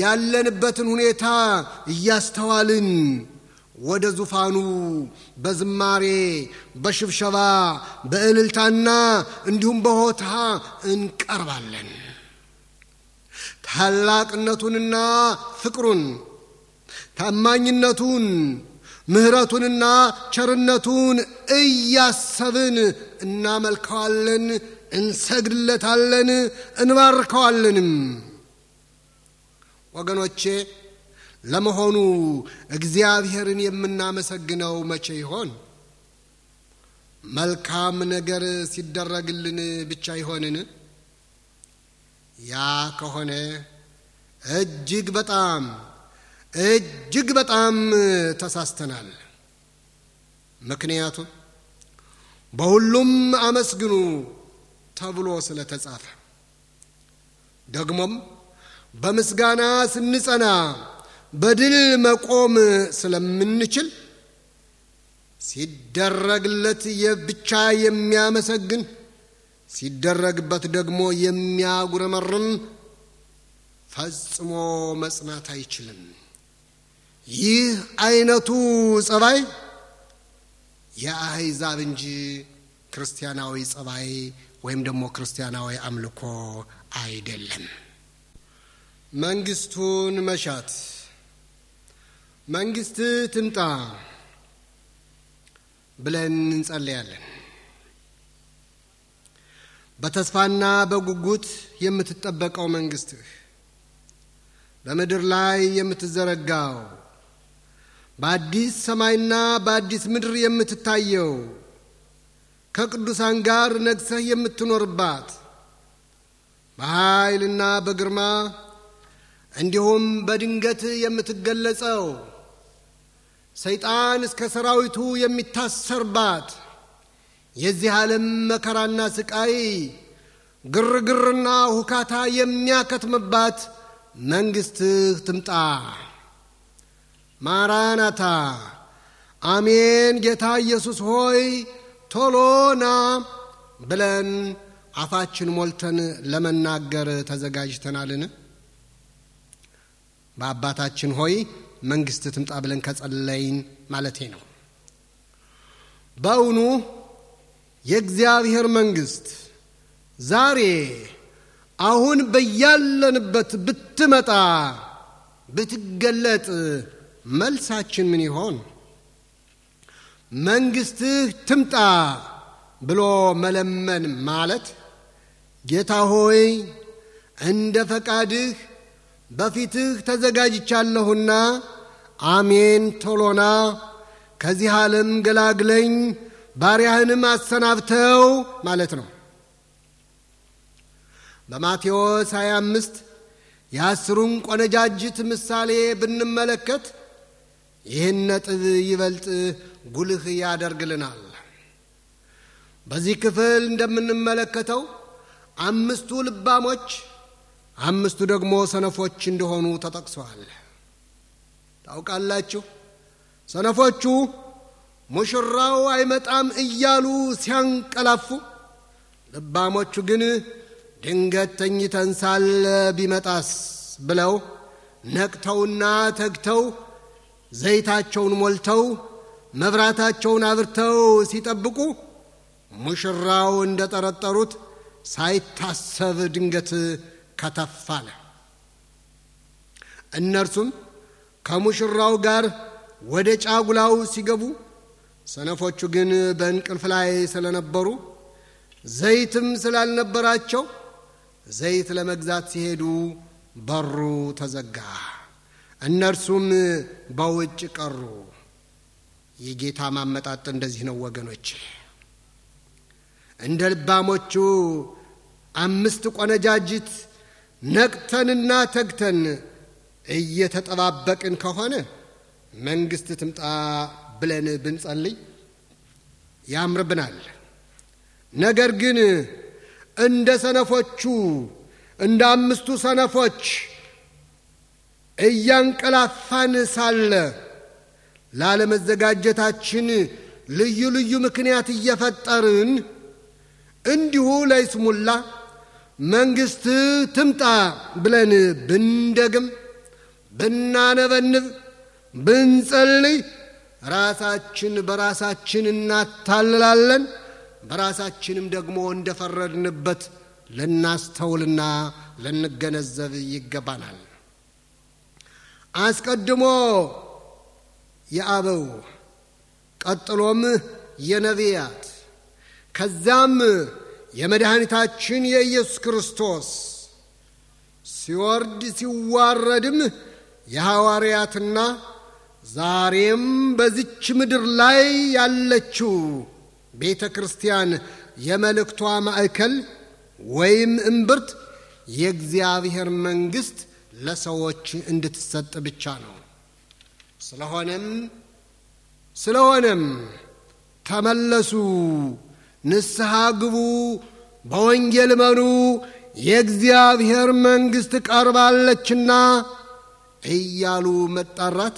ያለንበትን ሁኔታ እያስተዋልን ወደ ዙፋኑ በዝማሬ በሽብሸባ በእልልታና እንዲሁም በሆታ እንቀርባለን ታላቅነቱንና ፍቅሩን ታማኝነቱን ምሕረቱንና ቸርነቱን እያሰብን እናመልከዋለን፣ እንሰግድለታለን፣ እንባርከዋለንም። ወገኖቼ ለመሆኑ እግዚአብሔርን የምናመሰግነው መቼ ይሆን? መልካም ነገር ሲደረግልን ብቻ ይሆንን? ያ ከሆነ እጅግ በጣም እጅግ በጣም ተሳስተናል። ምክንያቱም በሁሉም አመስግኑ ተብሎ ተጻፈ ደግሞም በምስጋና ስንጸና በድል መቆም ስለምንችል ሲደረግለት ብቻ የሚያመሰግን ሲደረግበት ደግሞ የሚያጉረመርም ፈጽሞ መጽናት አይችልም። ይህ አይነቱ ጸባይ የአህዛብ እንጂ ክርስቲያናዊ ጸባይ ወይም ደግሞ ክርስቲያናዊ አምልኮ አይደለም። መንግስቱን መሻት መንግስት ትምጣ ብለን እንጸለያለን። በተስፋና በጉጉት የምትጠበቀው መንግስትህ በምድር ላይ የምትዘረጋው በአዲስ ሰማይና በአዲስ ምድር የምትታየው ከቅዱሳን ጋር ነግሰህ የምትኖርባት በኃይልና በግርማ እንዲሁም በድንገት የምትገለጸው ሰይጣን እስከ ሰራዊቱ የሚታሰርባት የዚህ ዓለም መከራና ስቃይ ግርግርና ሁካታ የሚያከትምባት መንግሥትህ ትምጣ። ማራናታ፣ አሜን ጌታ ኢየሱስ ሆይ ቶሎና ብለን አፋችን ሞልተን ለመናገር ተዘጋጅተናልን? በአባታችን ሆይ መንግሥት ትምጣ ብለን ከጸለይን ማለቴ ነው። በእውኑ የእግዚአብሔር መንግሥት ዛሬ አሁን በያለንበት ብትመጣ ብትገለጥ መልሳችን ምን ይሆን? መንግሥትህ ትምጣ ብሎ መለመን ማለት ጌታ ሆይ እንደ ፈቃድህ በፊትህ ተዘጋጅቻለሁና አሜን ቶሎና ከዚህ ዓለም ገላግለኝ ባሪያህንም አሰናብተው ማለት ነው። በማቴዎስ 25 የአስሩን ቆነጃጅት ምሳሌ ብንመለከት ይህን ነጥብ ይበልጥ ጉልህ ያደርግልናል። በዚህ ክፍል እንደምንመለከተው አምስቱ ልባሞች፣ አምስቱ ደግሞ ሰነፎች እንደሆኑ ተጠቅሰዋል። ታውቃላችሁ ሰነፎቹ ሙሽራው አይመጣም እያሉ ሲያንቀላፉ፣ ልባሞቹ ግን ድንገት ተኝተን ሳለ ቢመጣስ ብለው ነቅተውና ተግተው ዘይታቸውን ሞልተው መብራታቸውን አብርተው ሲጠብቁ ሙሽራው እንደ ጠረጠሩት ሳይታሰብ ድንገት ከተፋለ አለ። እነርሱም ከሙሽራው ጋር ወደ ጫጉላው ሲገቡ፣ ሰነፎቹ ግን በእንቅልፍ ላይ ስለነበሩ ዘይትም ስላልነበራቸው ዘይት ለመግዛት ሲሄዱ በሩ ተዘጋ። እነርሱም በውጭ ቀሩ። የጌታ ማመጣጥ እንደዚህ ነው ወገኖች። እንደ ልባሞቹ አምስት ቆነጃጅት ነቅተንና ተግተን እየተጠባበቅን ከሆነ መንግስት ትምጣ ብለን ብንጸልይ ያምርብናል። ነገር ግን እንደ ሰነፎቹ እንደ አምስቱ ሰነፎች እያንቀላፋን ሳለ ላለመዘጋጀታችን ልዩ ልዩ ምክንያት እየፈጠርን እንዲሁ ለይስሙላ መንግስት ትምጣ ብለን ብንደግም ብናነበንብ ብንጸልይ ራሳችን በራሳችን እናታልላለን። በራሳችንም ደግሞ እንደፈረድንበት ልናስተውልና ልንገነዘብ ይገባናል። አስቀድሞ የአበው ቀጥሎም የነቢያት ከዚያም የመድኃኒታችን የኢየሱስ ክርስቶስ ሲወርድ ሲዋረድም የሐዋርያትና ዛሬም በዚች ምድር ላይ ያለችው ቤተ ክርስቲያን የመልእክቷ ማዕከል ወይም እምብርት የእግዚአብሔር መንግሥት ለሰዎች እንድትሰጥ ብቻ ነው። ስለሆነም ስለሆነም ተመለሱ፣ ንስሐ ግቡ፣ በወንጌል መኑ፣ የእግዚአብሔር መንግሥት ቀርባለችና እያሉ መጣራት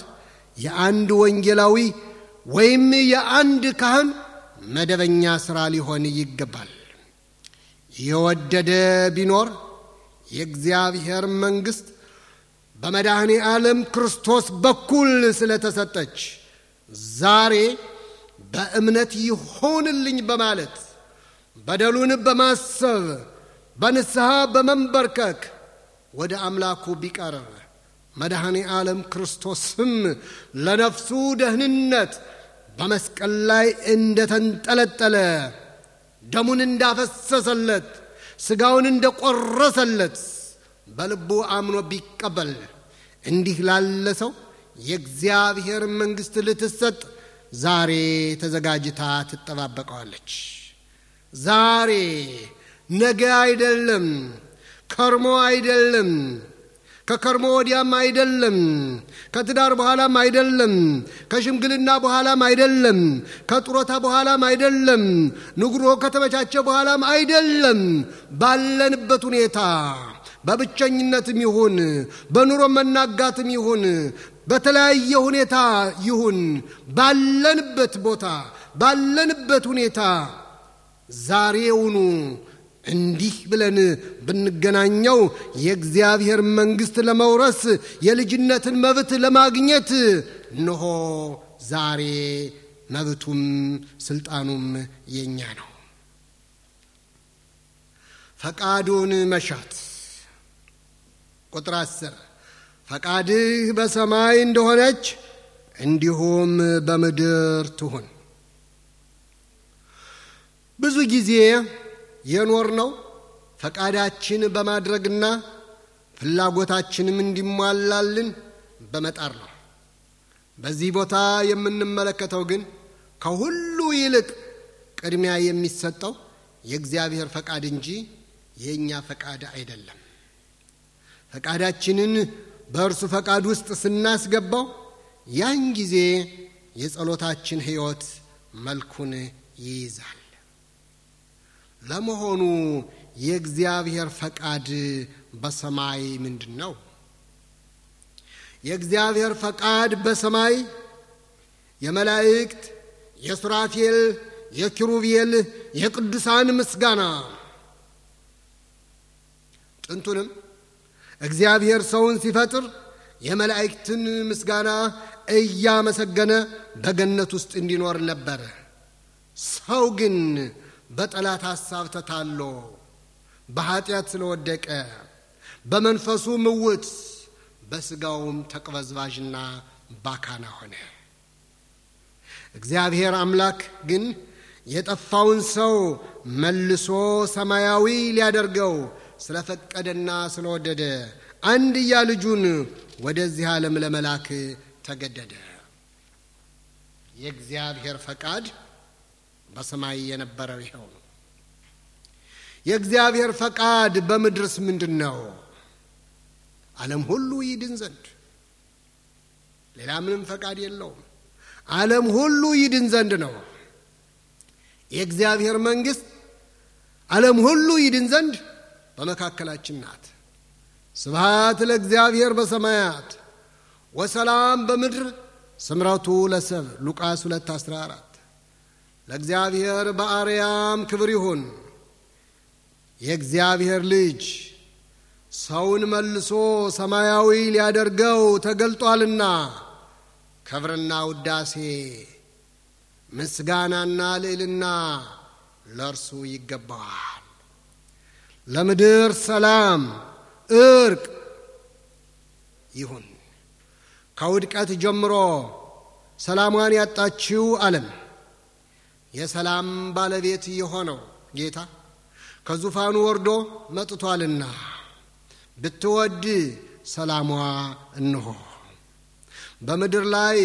የአንድ ወንጌላዊ ወይም የአንድ ካህን መደበኛ ሥራ ሊሆን ይገባል። የወደደ ቢኖር የእግዚአብሔር መንግሥት በመድኃኔ ዓለም ክርስቶስ በኩል ስለተሰጠች ዛሬ በእምነት ይሆንልኝ በማለት በደሉን በማሰብ በንስሐ በመንበርከክ ወደ አምላኩ ቢቀርብ መድኃኔ ዓለም ክርስቶስም ለነፍሱ ደህንነት በመስቀል ላይ እንደተንጠለጠለ ደሙን እንዳፈሰሰለት ስጋውን እንደቆረሰለት በልቡ አምኖ ቢቀበል እንዲህ ላለ ሰው የእግዚአብሔር መንግሥት ልትሰጥ ዛሬ ተዘጋጅታ ትጠባበቀዋለች። ዛሬ ነገ አይደለም፣ ከርሞ አይደለም፣ ከከርሞ ወዲያም አይደለም፣ ከትዳር በኋላም አይደለም፣ ከሽምግልና በኋላም አይደለም፣ ከጡረታ በኋላም አይደለም፣ ንጉሮ ከተመቻቸ በኋላም አይደለም፣ ባለንበት ሁኔታ በብቸኝነትም ይሁን በኑሮ መናጋትም ይሁን በተለያየ ሁኔታ ይሁን ባለንበት ቦታ ባለንበት ሁኔታ ዛሬውኑ እንዲህ ብለን ብንገናኘው የእግዚአብሔር መንግሥት ለመውረስ የልጅነትን መብት ለማግኘት እንሆ ዛሬ መብቱም ስልጣኑም የእኛ ነው። ፈቃዱን መሻት ቁጥር 10 ፈቃድህ በሰማይ እንደሆነች እንዲሁም በምድር ትሁን። ብዙ ጊዜ የኖር ነው ፈቃዳችን በማድረግና ፍላጎታችንም እንዲሟላልን በመጣር ነው። በዚህ ቦታ የምንመለከተው ግን ከሁሉ ይልቅ ቅድሚያ የሚሰጠው የእግዚአብሔር ፈቃድ እንጂ የእኛ ፈቃድ አይደለም። ፈቃዳችንን በእርሱ ፈቃድ ውስጥ ስናስገባው ያን ጊዜ የጸሎታችን ሕይወት መልኩን ይይዛል። ለመሆኑ የእግዚአብሔር ፈቃድ በሰማይ ምንድን ነው? የእግዚአብሔር ፈቃድ በሰማይ የመላእክት፣ የሱራፌል፣ የኪሩቤል፣ የቅዱሳን ምስጋና ጥንቱንም እግዚአብሔር ሰውን ሲፈጥር የመላእክትን ምስጋና እያመሰገነ በገነት ውስጥ እንዲኖር ነበረ። ሰው ግን በጠላት ሐሳብ ተታሎ በኀጢአት ስለወደቀ በመንፈሱ ምውት በሥጋውም ተቅበዝባዥና ባካና ሆነ። እግዚአብሔር አምላክ ግን የጠፋውን ሰው መልሶ ሰማያዊ ሊያደርገው ስለፈቀደና ስለወደደ አንድያ ልጁን ወደዚህ ዓለም ለመላክ ተገደደ። የእግዚአብሔር ፈቃድ በሰማይ የነበረው ይኸው ነው። የእግዚአብሔር ፈቃድ በምድርስ ምንድን ነው? ዓለም ሁሉ ይድን ዘንድ። ሌላ ምንም ፈቃድ የለውም። ዓለም ሁሉ ይድን ዘንድ ነው። የእግዚአብሔር መንግሥት ዓለም ሁሉ ይድን ዘንድ በመካከላችን ናት። ስብሃት ለእግዚአብሔር በሰማያት ወሰላም በምድር ስምረቱ ለሰብ ሉቃስ 2 14 ለእግዚአብሔር በአርያም ክብር ይሁን። የእግዚአብሔር ልጅ ሰውን መልሶ ሰማያዊ ሊያደርገው ተገልጧልና ክብርና ውዳሴ ምስጋናና ልዕልና ለእርሱ ይገባዋል። ለምድር ሰላም፣ እርቅ ይሁን። ከውድቀት ጀምሮ ሰላሟን ያጣችው ዓለም የሰላም ባለቤት የሆነው ጌታ ከዙፋኑ ወርዶ መጥቷልና ብትወድ ሰላሟ እንሆ በምድር ላይ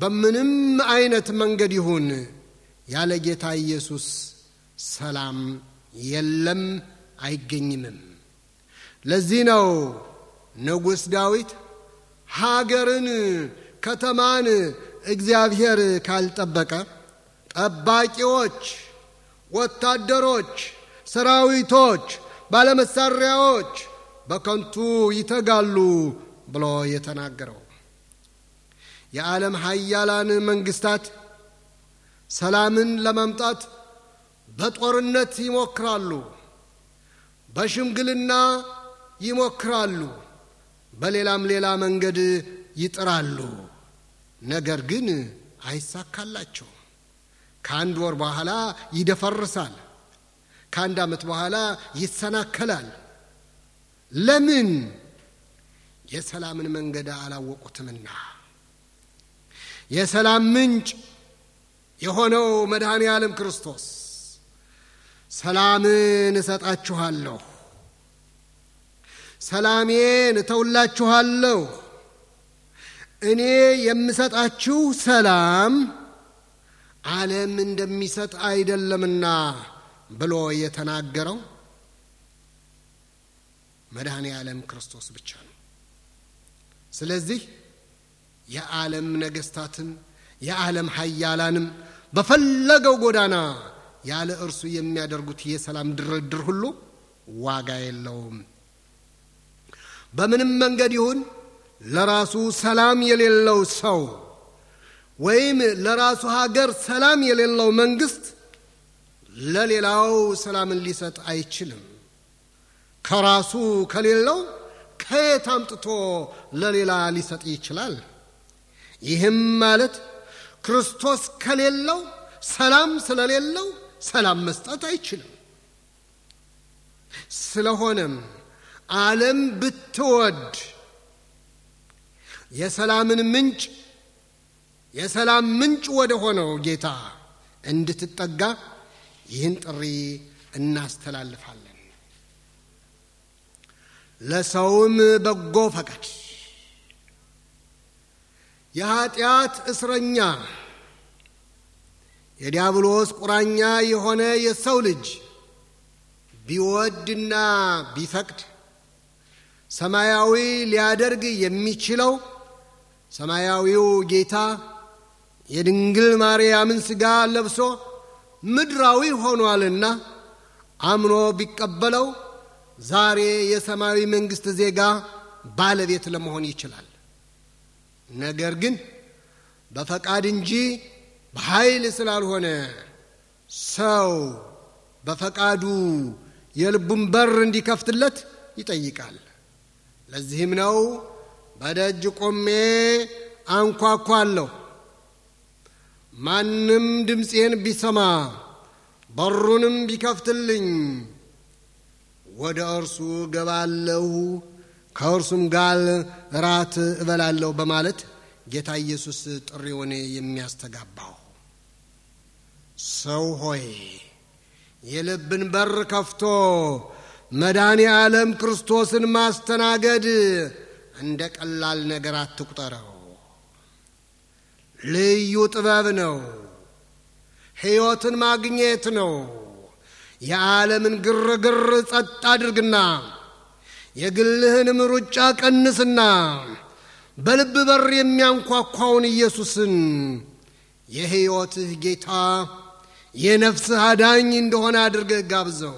በምንም አይነት መንገድ ይሁን ያለ ጌታ ኢየሱስ ሰላም የለም። አይገኝምም። ለዚህ ነው ንጉሥ ዳዊት ሀገርን፣ ከተማን እግዚአብሔር ካልጠበቀ ጠባቂዎች፣ ወታደሮች፣ ሰራዊቶች፣ ባለመሳሪያዎች በከንቱ ይተጋሉ ብሎ የተናገረው። የዓለም ሀያላን መንግስታት ሰላምን ለማምጣት በጦርነት ይሞክራሉ። በሽምግልና ይሞክራሉ፣ በሌላም ሌላ መንገድ ይጥራሉ። ነገር ግን አይሳካላቸው። ከአንድ ወር በኋላ ይደፈርሳል። ከአንድ ዓመት በኋላ ይሰናከላል። ለምን? የሰላምን መንገድ አላወቁትምና። የሰላም ምንጭ የሆነው መድኃኔ ዓለም ክርስቶስ ሰላምን እሰጣችኋለሁ፣ ሰላሜን እተውላችኋለሁ። እኔ የምሰጣችሁ ሰላም ዓለም እንደሚሰጥ አይደለምና ብሎ የተናገረው መድኃኔ ዓለም ክርስቶስ ብቻ ነው። ስለዚህ የዓለም ነገስታትም የዓለም ሀያላንም በፈለገው ጎዳና ያለ እርሱ የሚያደርጉት የሰላም ድርድር ሁሉ ዋጋ የለውም በምንም መንገድ ይሁን ለራሱ ሰላም የሌለው ሰው ወይም ለራሱ ሀገር ሰላም የሌለው መንግስት ለሌላው ሰላምን ሊሰጥ አይችልም ከራሱ ከሌለው ከየት አምጥቶ ለሌላ ሊሰጥ ይችላል ይህም ማለት ክርስቶስ ከሌለው ሰላም ስለሌለው ሰላም መስጠት አይችልም። ስለሆነም ዓለም ብትወድ የሰላምን ምንጭ የሰላም ምንጭ ወደ ሆነው ጌታ እንድትጠጋ ይህን ጥሪ እናስተላልፋለን። ለሰውም በጎ ፈቃድ የኀጢአት እስረኛ የዲያብሎስ ቁራኛ የሆነ የሰው ልጅ ቢወድና ቢፈቅድ ሰማያዊ ሊያደርግ የሚችለው ሰማያዊው ጌታ የድንግል ማርያምን ሥጋ ለብሶ ምድራዊ ሆኗልና አምኖ ቢቀበለው ዛሬ የሰማያዊ መንግሥት ዜጋ ባለቤት ለመሆን ይችላል። ነገር ግን በፈቃድ እንጂ በኃይል ስላልሆነ ሰው በፈቃዱ የልቡን በር እንዲከፍትለት ይጠይቃል። ለዚህም ነው በደጅ ቆሜ አንኳኳለሁ፣ ማንም ድምፄን ቢሰማ በሩንም ቢከፍትልኝ ወደ እርሱ ገባለሁ ከእርሱም ጋር እራት እበላለሁ በማለት ጌታ ኢየሱስ ጥሪውን የሚያስተጋባው ሰው ሆይ የልብን በር ከፍቶ መዳን ዓለም ክርስቶስን ማስተናገድ እንደ ቀላል ነገር አትቁጠረው። ልዩ ጥበብ ነው። ሕይወትን ማግኘት ነው። የዓለምን ግርግር ጸጥ አድርግና የግልህንም ሩጫ ቀንስና በልብ በር የሚያንኳኳውን ኢየሱስን የሕይወትህ ጌታ የነፍስህ አዳኝ እንደሆነ አድርገህ ጋብዘው፣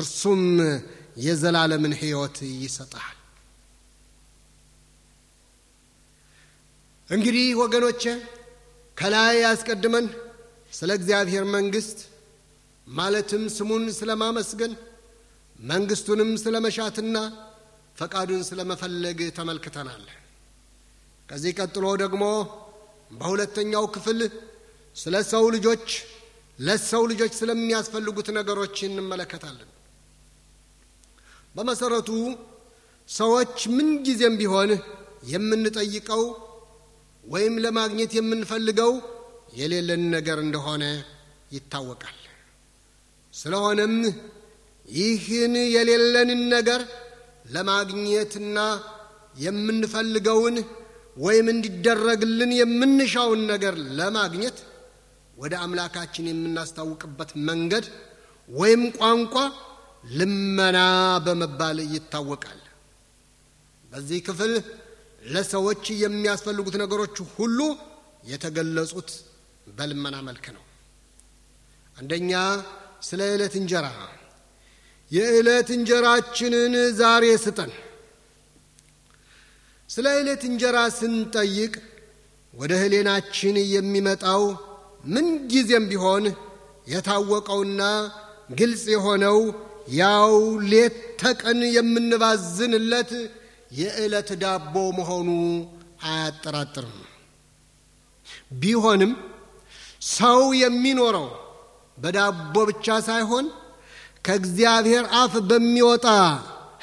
እርሱም የዘላለምን ሕይወት ይሰጣል። እንግዲህ ወገኖቼ ከላይ አስቀድመን ስለ እግዚአብሔር መንግሥት ማለትም ስሙን ስለ ማመስገን መንግሥቱንም ስለ መሻትና ፈቃዱን ስለ መፈለግ ተመልክተናል። ከዚህ ቀጥሎ ደግሞ በሁለተኛው ክፍል ስለ ሰው ልጆች ለሰው ልጆች ስለሚያስፈልጉት ነገሮች እንመለከታለን። በመሰረቱ ሰዎች ምን ጊዜም ቢሆን የምንጠይቀው ወይም ለማግኘት የምንፈልገው የሌለን ነገር እንደሆነ ይታወቃል። ስለሆነም ይህን የሌለንን ነገር ለማግኘትና የምንፈልገውን ወይም እንዲደረግልን የምንሻውን ነገር ለማግኘት ወደ አምላካችን የምናስታውቅበት መንገድ ወይም ቋንቋ ልመና በመባል ይታወቃል። በዚህ ክፍል ለሰዎች የሚያስፈልጉት ነገሮች ሁሉ የተገለጹት በልመና መልክ ነው። አንደኛ ስለ ዕለት እንጀራ፣ የዕለት እንጀራችንን ዛሬ ስጠን። ስለ ዕለት እንጀራ ስንጠይቅ ወደ ህሌናችን የሚመጣው ምን ጊዜም ቢሆን የታወቀውና ግልጽ የሆነው ያው ሌት ተቀን የምንባዝንለት የዕለት ዳቦ መሆኑ አያጠራጥርም። ቢሆንም ሰው የሚኖረው በዳቦ ብቻ ሳይሆን ከእግዚአብሔር አፍ በሚወጣ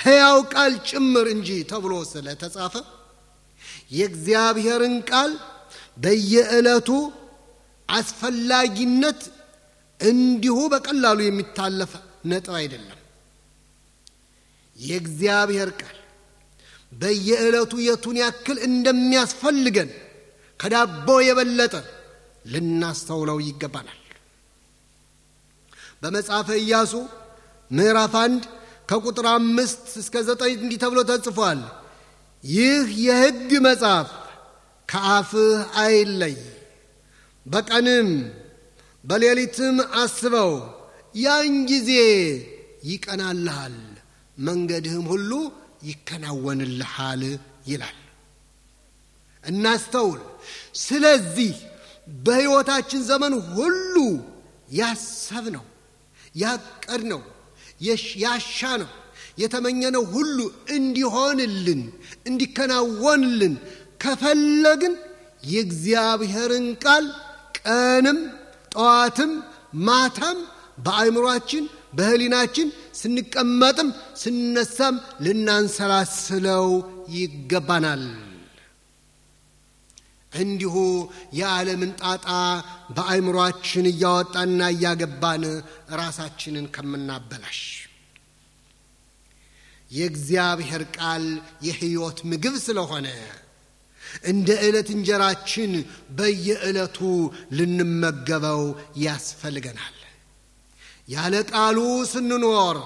ሕያው ቃል ጭምር እንጂ ተብሎ ስለተጻፈ የእግዚአብሔርን ቃል በየዕለቱ አስፈላጊነት እንዲሁ በቀላሉ የሚታለፍ ነጥብ አይደለም። የእግዚአብሔር ቃል በየዕለቱ የቱን ያክል እንደሚያስፈልገን ከዳቦ የበለጠ ልናስተውለው ይገባናል። በመጽሐፈ ኢያሱ ምዕራፍ አንድ ከቁጥር አምስት እስከ ዘጠኝ እንዲህ ተብሎ ተጽፏል። ይህ የሕግ መጽሐፍ ከአፍህ አይለይ በቀንም በሌሊትም አስበው፣ ያን ጊዜ ይቀናልሃል፣ መንገድህም ሁሉ ይከናወንልሃል ይላል። እናስተውል። ስለዚህ በሕይወታችን ዘመን ሁሉ ያሰብ ነው ያቀድ ነው ያሻ ነው የተመኘነው ሁሉ እንዲሆንልን እንዲከናወንልን ከፈለግን የእግዚአብሔርን ቃል ቀንም ጠዋትም ማታም በአእምሯችን በህሊናችን ስንቀመጥም ስንነሳም ልናንሰላስለው ይገባናል። እንዲሁ የዓለምን ጣጣ በአእምሯችን እያወጣና እያገባን ራሳችንን ከምናበላሽ የእግዚአብሔር ቃል የሕይወት ምግብ ስለሆነ እንደ ዕለት እንጀራችን በየዕለቱ ልንመገበው ያስፈልገናል። ያለ ቃሉ ስንኖር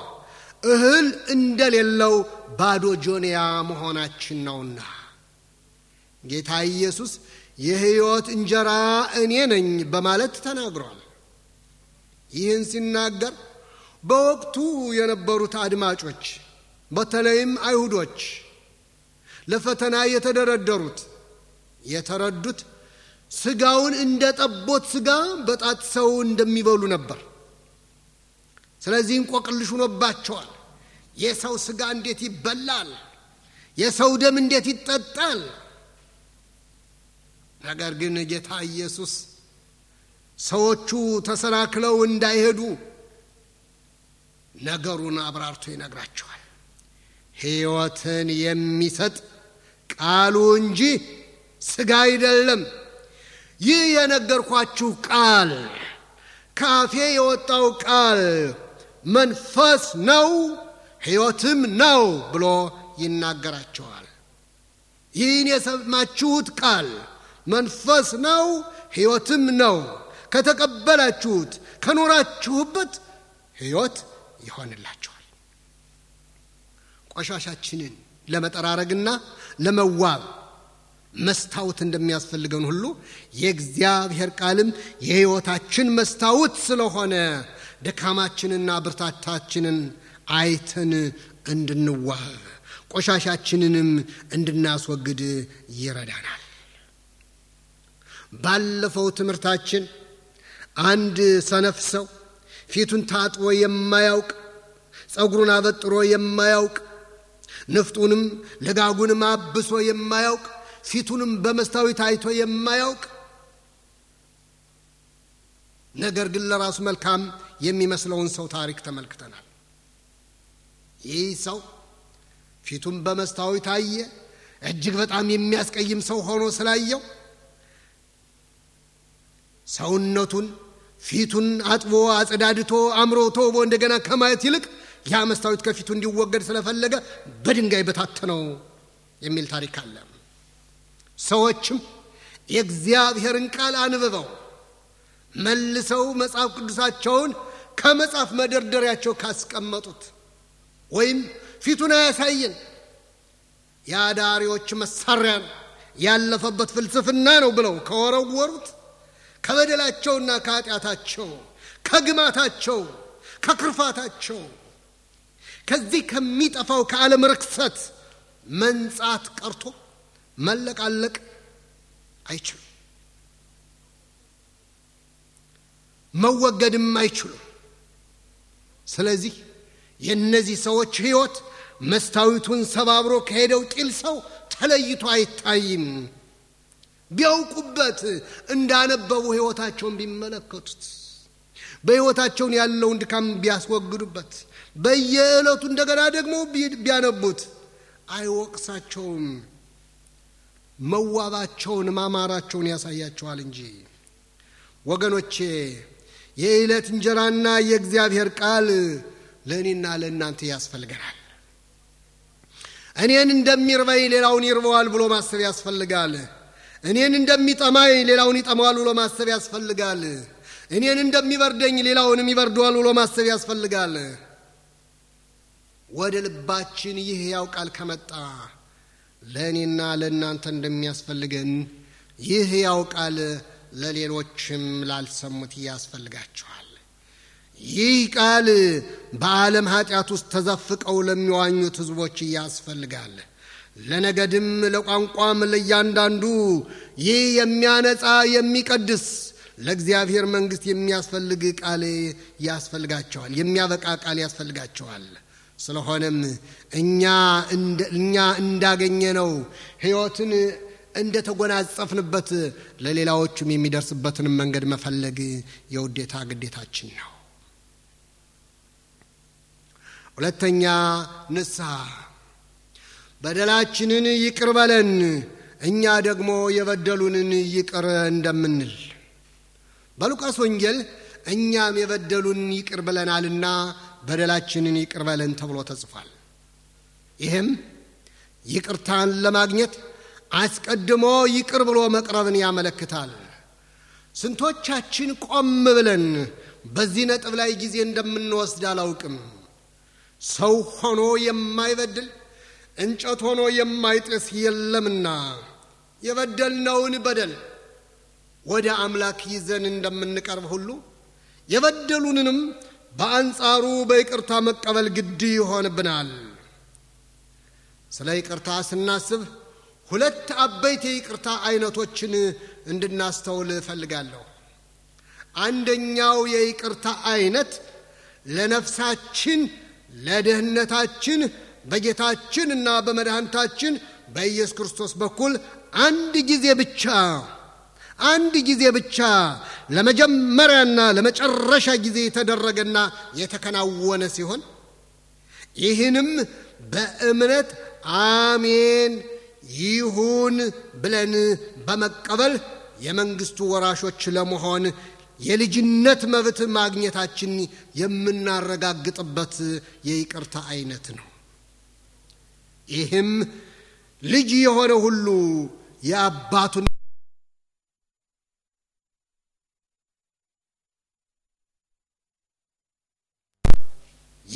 እህል እንደሌለው ባዶ ጆንያ መሆናችን ነውና ጌታ ኢየሱስ የሕይወት እንጀራ እኔ ነኝ በማለት ተናግሯል። ይህን ሲናገር በወቅቱ የነበሩት አድማጮች በተለይም አይሁዶች ለፈተና የተደረደሩት የተረዱት ስጋውን እንደ ጠቦት ስጋ ሰው እንደሚበሉ ነበር። ስለዚህ እንቆቅልሽ ሆኖባቸዋል። የሰው ስጋ እንዴት ይበላል? የሰው ደም እንዴት ይጠጣል? ነገር ግን ጌታ ኢየሱስ ሰዎቹ ተሰናክለው እንዳይሄዱ ነገሩን አብራርቶ ይነግራቸዋል። ሕይወትን የሚሰጥ ቃሉ እንጂ ሥጋ አይደለም። ይህ የነገርኳችሁ ቃል ካፌ የወጣው ቃል መንፈስ ነው ሕይወትም ነው ብሎ ይናገራቸዋል። ይህን የሰማችሁት ቃል መንፈስ ነው ሕይወትም ነው፣ ከተቀበላችሁት ከኖራችሁበት ሕይወት ይሆንላችኋል። ቆሻሻችንን ለመጠራረግና ለመዋብ መስታወት እንደሚያስፈልገን ሁሉ የእግዚአብሔር ቃልም የሕይወታችን መስታወት ስለሆነ ደካማችንና ብርታታችንን አይተን እንድንዋብ ቆሻሻችንንም እንድናስወግድ ይረዳናል። ባለፈው ትምህርታችን አንድ ሰነፍ ሰው ፊቱን ታጥቦ የማያውቅ ጸጉሩን አበጥሮ የማያውቅ ንፍጡንም ልጋጉንም አብሶ የማያውቅ ፊቱንም በመስታወት አይቶ የማያውቅ ነገር ግን ለራሱ መልካም የሚመስለውን ሰው ታሪክ ተመልክተናል። ይህ ሰው ፊቱን በመስታወት አየ። እጅግ በጣም የሚያስቀይም ሰው ሆኖ ስላየው ሰውነቱን ፊቱን አጥቦ አጸዳድቶ አምሮ ተውቦ እንደገና ከማየት ይልቅ ያ መስታወት ከፊቱ እንዲወገድ ስለፈለገ በድንጋይ በታተነው የሚል ታሪክ አለ። ሰዎችም የእግዚአብሔርን ቃል አንብበው መልሰው መጽሐፍ ቅዱሳቸውን ከመጽሐፍ መደርደሪያቸው ካስቀመጡት ወይም ፊቱን አያሳየን የአዳሪዎች መሳሪያ ነው ያለፈበት ፍልስፍና ነው ብለው ከወረወሩት ከበደላቸውና ከኃጢአታቸው ከግማታቸው ከክርፋታቸው ከዚህ ከሚጠፋው ከዓለም ርክሰት መንጻት ቀርቶ መለቃለቅ አይችሉም። መወገድም አይችሉም። ስለዚህ የእነዚህ ሰዎች ህይወት መስታወቱን ሰባብሮ ከሄደው ጢል ሰው ተለይቶ አይታይም። ቢያውቁበት እንዳነበቡ ህይወታቸውን ቢመለከቱት በሕይወታቸውን ያለውን ድካም ቢያስወግዱበት በየዕለቱ እንደገና ደግሞ ቢያነቡት አይወቅሳቸውም። መዋባቸውን ማማራቸውን ያሳያቸዋል እንጂ። ወገኖቼ የዕለት እንጀራና የእግዚአብሔር ቃል ለእኔና ለእናንተ ያስፈልገናል። እኔን እንደሚርበይ ሌላውን ይርበዋል ብሎ ማሰብ ያስፈልጋል። እኔን እንደሚጠማይ ሌላውን ይጠማዋል ብሎ ማሰብ ያስፈልጋል። እኔን እንደሚበርደኝ ሌላውንም ይበርደዋል ብሎ ማሰብ ያስፈልጋል። ወደ ልባችን ይህ ያው ቃል ከመጣ ለእኔና ለእናንተ እንደሚያስፈልገን ይህ ያው ቃል ለሌሎችም ላልሰሙት ያስፈልጋቸዋል። ይህ ቃል በዓለም ኃጢአት ውስጥ ተዘፍቀው ለሚዋኙት ሕዝቦች ያስፈልጋል። ለነገድም ለቋንቋም ለእያንዳንዱ ይህ የሚያነጻ የሚቀድስ ለእግዚአብሔር መንግሥት የሚያስፈልግ ቃል ያስፈልጋቸዋል። የሚያበቃ ቃል ያስፈልጋቸዋል። ስለሆነም እኛ እኛ እንዳገኘ ነው ሕይወትን እንደ ተጎናጸፍንበት ለሌላዎቹም የሚደርስበትን መንገድ መፈለግ የውዴታ ግዴታችን ነው። ሁለተኛ ንስሐ፣ በደላችንን ይቅር በለን እኛ ደግሞ የበደሉንን ይቅር እንደምንል በሉቃስ ወንጌል እኛም የበደሉን ይቅር ብለናልና በደላችንን ይቅር በለን ተብሎ ተጽፏል። ይህም ይቅርታን ለማግኘት አስቀድሞ ይቅር ብሎ መቅረብን ያመለክታል። ስንቶቻችን ቆም ብለን በዚህ ነጥብ ላይ ጊዜ እንደምንወስድ አላውቅም። ሰው ሆኖ የማይበድል እንጨት ሆኖ የማይጥስ የለምና የበደልነውን በደል ወደ አምላክ ይዘን እንደምንቀርብ ሁሉ የበደሉንንም በአንጻሩ በይቅርታ መቀበል ግድ ይሆንብናል። ስለ ይቅርታ ስናስብ ሁለት አበይት የይቅርታ አይነቶችን እንድናስተውል እፈልጋለሁ። አንደኛው የይቅርታ አይነት ለነፍሳችን ለደህንነታችን በጌታችን እና በመድኃኒታችን በኢየሱስ ክርስቶስ በኩል አንድ ጊዜ ብቻ አንድ ጊዜ ብቻ ለመጀመሪያና ለመጨረሻ ጊዜ የተደረገና የተከናወነ ሲሆን ይህንም በእምነት አሜን ይሁን ብለን በመቀበል የመንግስቱ ወራሾች ለመሆን የልጅነት መብት ማግኘታችን የምናረጋግጥበት የይቅርታ አይነት ነው። ይህም ልጅ የሆነ ሁሉ የአባቱን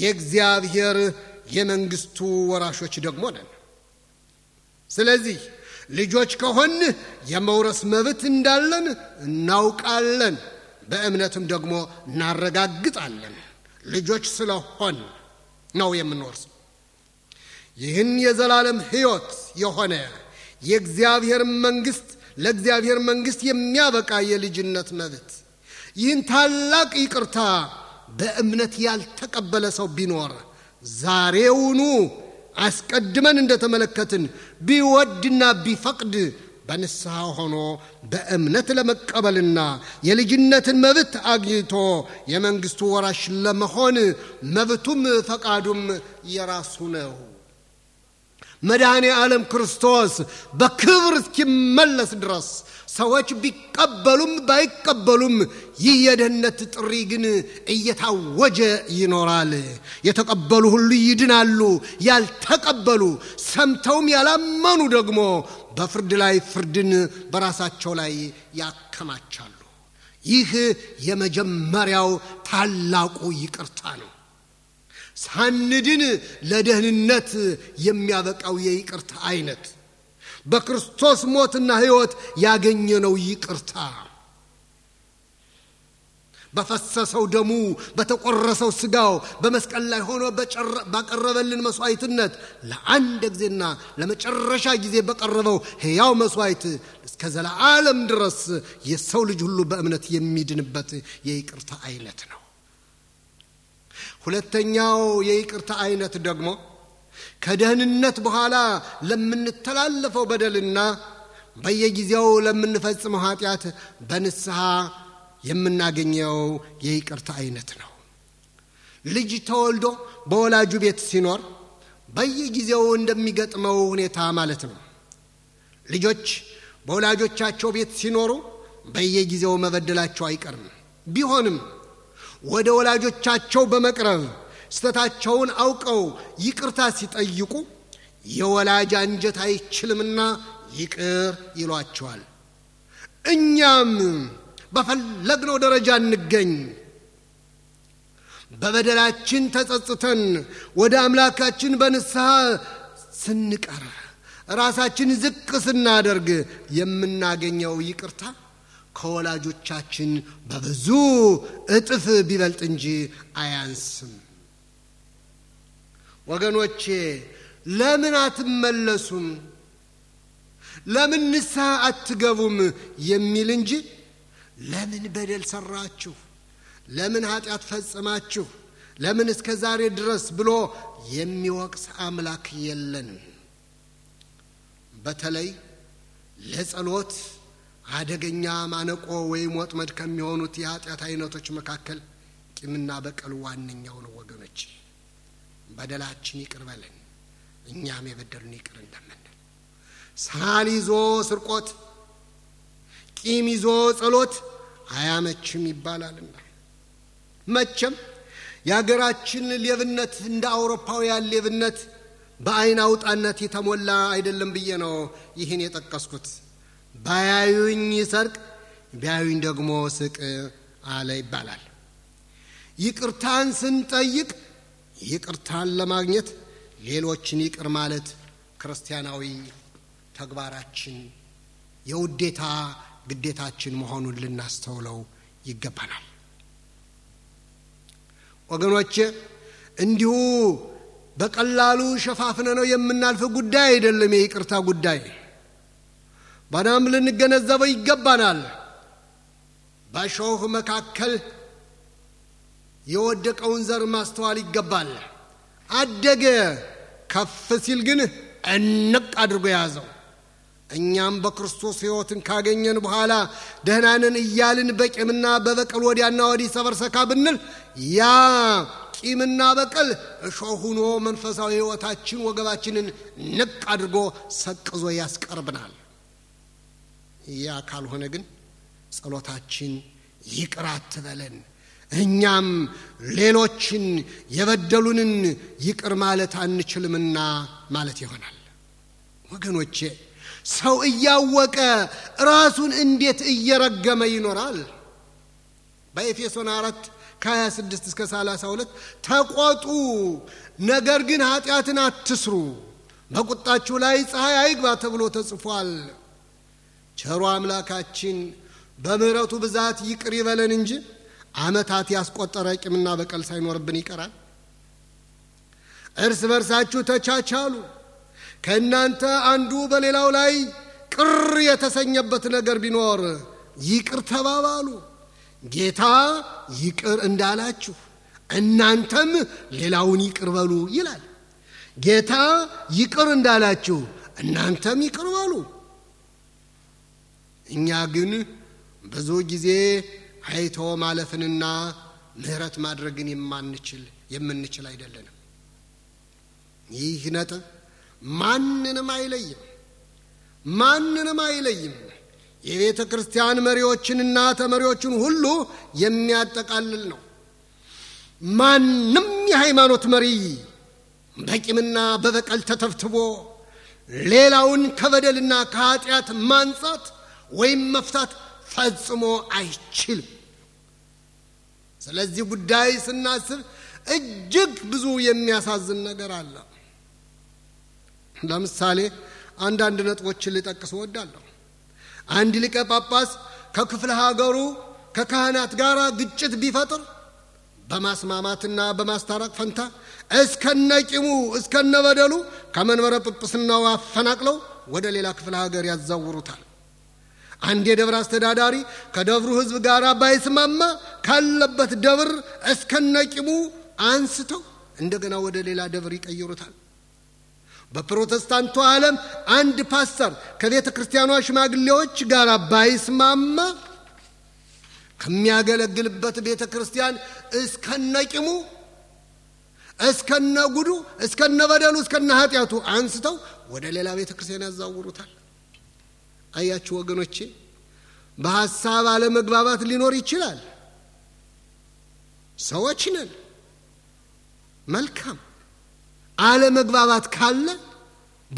የእግዚአብሔር የመንግስቱ ወራሾች ደግሞ ነን። ስለዚህ ልጆች ከሆን የመውረስ መብት እንዳለን እናውቃለን፣ በእምነትም ደግሞ እናረጋግጣለን። ልጆች ስለሆን ነው የምንወርሰው። ይህን የዘላለም ሕይወት የሆነ የእግዚአብሔር መንግስት ለእግዚአብሔር መንግስት የሚያበቃ የልጅነት መብት ይህን ታላቅ ይቅርታ በእምነት ያልተቀበለ ሰው ቢኖር ዛሬውኑ አስቀድመን እንደተመለከትን ቢወድና ቢፈቅድ በንስሐ ሆኖ በእምነት ለመቀበልና የልጅነትን መብት አግኝቶ የመንግስቱ ወራሽ ለመሆን መብቱም ፈቃዱም የራሱ ነው። መድኃኔ ዓለም ክርስቶስ በክብር እስኪመለስ ድረስ ሰዎች ቢቀበሉም ባይቀበሉም ይህ የደህነት ጥሪ ግን እየታወጀ ይኖራል። የተቀበሉ ሁሉ ይድናሉ። ያልተቀበሉ ሰምተውም ያላመኑ ደግሞ በፍርድ ላይ ፍርድን በራሳቸው ላይ ያከማቻሉ። ይህ የመጀመሪያው ታላቁ ይቅርታ ነው። ሳንድን ለደህንነት የሚያበቃው የይቅርታ አይነት በክርስቶስ ሞትና ሕይወት ያገኘነው ይቅርታ በፈሰሰው ደሙ በተቆረሰው ስጋው በመስቀል ላይ ሆኖ ባቀረበልን መስዋዕትነት ለአንድ ጊዜና ለመጨረሻ ጊዜ በቀረበው ሕያው መስዋዕት እስከ ዘላዓለም ድረስ የሰው ልጅ ሁሉ በእምነት የሚድንበት የይቅርታ አይነት ነው። ሁለተኛው የይቅርታ አይነት ደግሞ ከደህንነት በኋላ ለምንተላለፈው በደልና በየጊዜው ለምንፈጽመው ኃጢአት በንስሐ የምናገኘው የይቅርታ አይነት ነው። ልጅ ተወልዶ በወላጁ ቤት ሲኖር በየጊዜው እንደሚገጥመው ሁኔታ ማለት ነው። ልጆች በወላጆቻቸው ቤት ሲኖሩ በየጊዜው መበደላቸው አይቀርም። ቢሆንም ወደ ወላጆቻቸው በመቅረብ ስተታቸውን አውቀው ይቅርታ ሲጠይቁ የወላጅ አንጀት አይችልምና ይቅር ይሏቸዋል። እኛም በፈለግነው ደረጃ እንገኝ፣ በበደላችን ተጸጽተን ወደ አምላካችን በንስሐ ስንቀር ራሳችን ዝቅ ስናደርግ የምናገኘው ይቅርታ ከወላጆቻችን በብዙ እጥፍ ቢበልጥ እንጂ አያንስም። ወገኖቼ ለምን አትመለሱም? ለምን ንስሐ አትገቡም? የሚል እንጂ ለምን በደል ሰራችሁ፣ ለምን ኃጢአት ፈጽማችሁ፣ ለምን እስከ ዛሬ ድረስ ብሎ የሚወቅስ አምላክ የለንም። በተለይ ለጸሎት አደገኛ ማነቆ ወይም ወጥመድ ከሚሆኑት የኃጢአት አይነቶች መካከል ቂምና በቀል ዋነኛው ነው ወገኖች። በደላችን ይቅር በለን እኛም የበደሉን ይቅር እንደምንል ሳል ይዞ ስርቆት፣ ቂም ይዞ ጸሎት አያመችም ይባላልና መቼም የአገራችን ሌብነት እንደ አውሮፓውያን ሌብነት በአይን አውጣነት የተሞላ አይደለም ብዬ ነው ይህን የጠቀስኩት። ባያዩኝ ሰርቅ፣ ቢያዩኝ ደግሞ ስቅ አለ ይባላል። ይቅርታን ስንጠይቅ ይቅርታን ለማግኘት ሌሎችን ይቅር ማለት ክርስቲያናዊ ተግባራችን የውዴታ ግዴታችን መሆኑን ልናስተውለው ይገባናል። ወገኖቼ እንዲሁ በቀላሉ ሸፋፍነ ነው የምናልፍ ጉዳይ አይደለም። የይቅርታ ጉዳይ በናም ልንገነዘበው ይገባናል። በሾህ መካከል የወደቀውን ዘር ማስተዋል ይገባል። አደገ ከፍ ሲል ግን እንቅ አድርጎ የያዘው። እኛም በክርስቶስ ሕይወትን ካገኘን በኋላ ደህናንን እያልን በቂምና በበቀል ወዲያና ወዲህ ሰበርሰካ ብንል ያ ቂምና በቀል እሾህ ሁኖ መንፈሳዊ ሕይወታችን ወገባችንን ንቅ አድርጎ ሰቅዞ ያስቀርብናል። ያ ካልሆነ ግን ጸሎታችን ይቅር አትበለን እኛም ሌሎችን የበደሉንን ይቅር ማለት አንችልምና ማለት ይሆናል። ወገኖቼ ሰው እያወቀ ራሱን እንዴት እየረገመ ይኖራል? በኤፌሶን 4 ከ26 እስከ 32 ተቆጡ፣ ነገር ግን ኃጢአትን አትስሩ፣ በቁጣችሁ ላይ ፀሐይ አይግባ ተብሎ ተጽፏል። ቸሮ አምላካችን በምሕረቱ ብዛት ይቅር ይበለን እንጂ አመታት ያስቆጠረ ቂምና በቀል ሳይኖርብን ይቀራል። እርስ በርሳችሁ ተቻቻሉ። ከእናንተ አንዱ በሌላው ላይ ቅር የተሰኘበት ነገር ቢኖር ይቅር ተባባሉ፣ ጌታ ይቅር እንዳላችሁ እናንተም ሌላውን ይቅር በሉ ይላል። ጌታ ይቅር እንዳላችሁ እናንተም ይቅር በሉ። እኛ ግን ብዙ ጊዜ አይቶ ማለፍንና ምህረት ማድረግን የማንችል የምንችል አይደለንም። ይህ ነጥብ ማንንም አይለይም፣ ማንንም አይለይም። የቤተ ክርስቲያን መሪዎችንና ተመሪዎችን ሁሉ የሚያጠቃልል ነው። ማንም የሃይማኖት መሪ በቂምና በበቀል ተተብትቦ ሌላውን ከበደልና ከኃጢአት ማንጻት ወይም መፍታት ፈጽሞ አይችልም። ስለዚህ ጉዳይ ስናስብ እጅግ ብዙ የሚያሳዝን ነገር አለ። ለምሳሌ አንዳንድ ነጥቦችን ልጠቅስ እወዳለሁ። አንድ ሊቀ ጳጳስ ከክፍለ ሀገሩ ከካህናት ጋር ግጭት ቢፈጥር በማስማማትና በማስታረቅ ፈንታ እስከነቂሙ እስከነበደሉ ከመንበረ ጵጵስናው አፈናቅለው ወደ ሌላ ክፍለ ሀገር ያዛውሩታል። አንድ የደብር አስተዳዳሪ ከደብሩ ህዝብ ጋር ባይስማማ ካለበት ደብር እስከነቂሙ አንስተው እንደገና ወደ ሌላ ደብር ይቀይሩታል። በፕሮቴስታንቱ ዓለም አንድ ፓስተር ከቤተ ክርስቲያኗ ሽማግሌዎች ጋር ባይስማማ ከሚያገለግልበት ቤተ ክርስቲያን እስከነቂሙ እስከነ ጉዱ እስከነ በደሉ እስከነ ኃጢአቱ አንስተው ወደ ሌላ ቤተ ክርስቲያን ያዛውሩታል። አያችሁ ወገኖቼ፣ በሐሳብ አለመግባባት ሊኖር ይችላል። ሰዎች ነን። መልካም አለመግባባት ካለ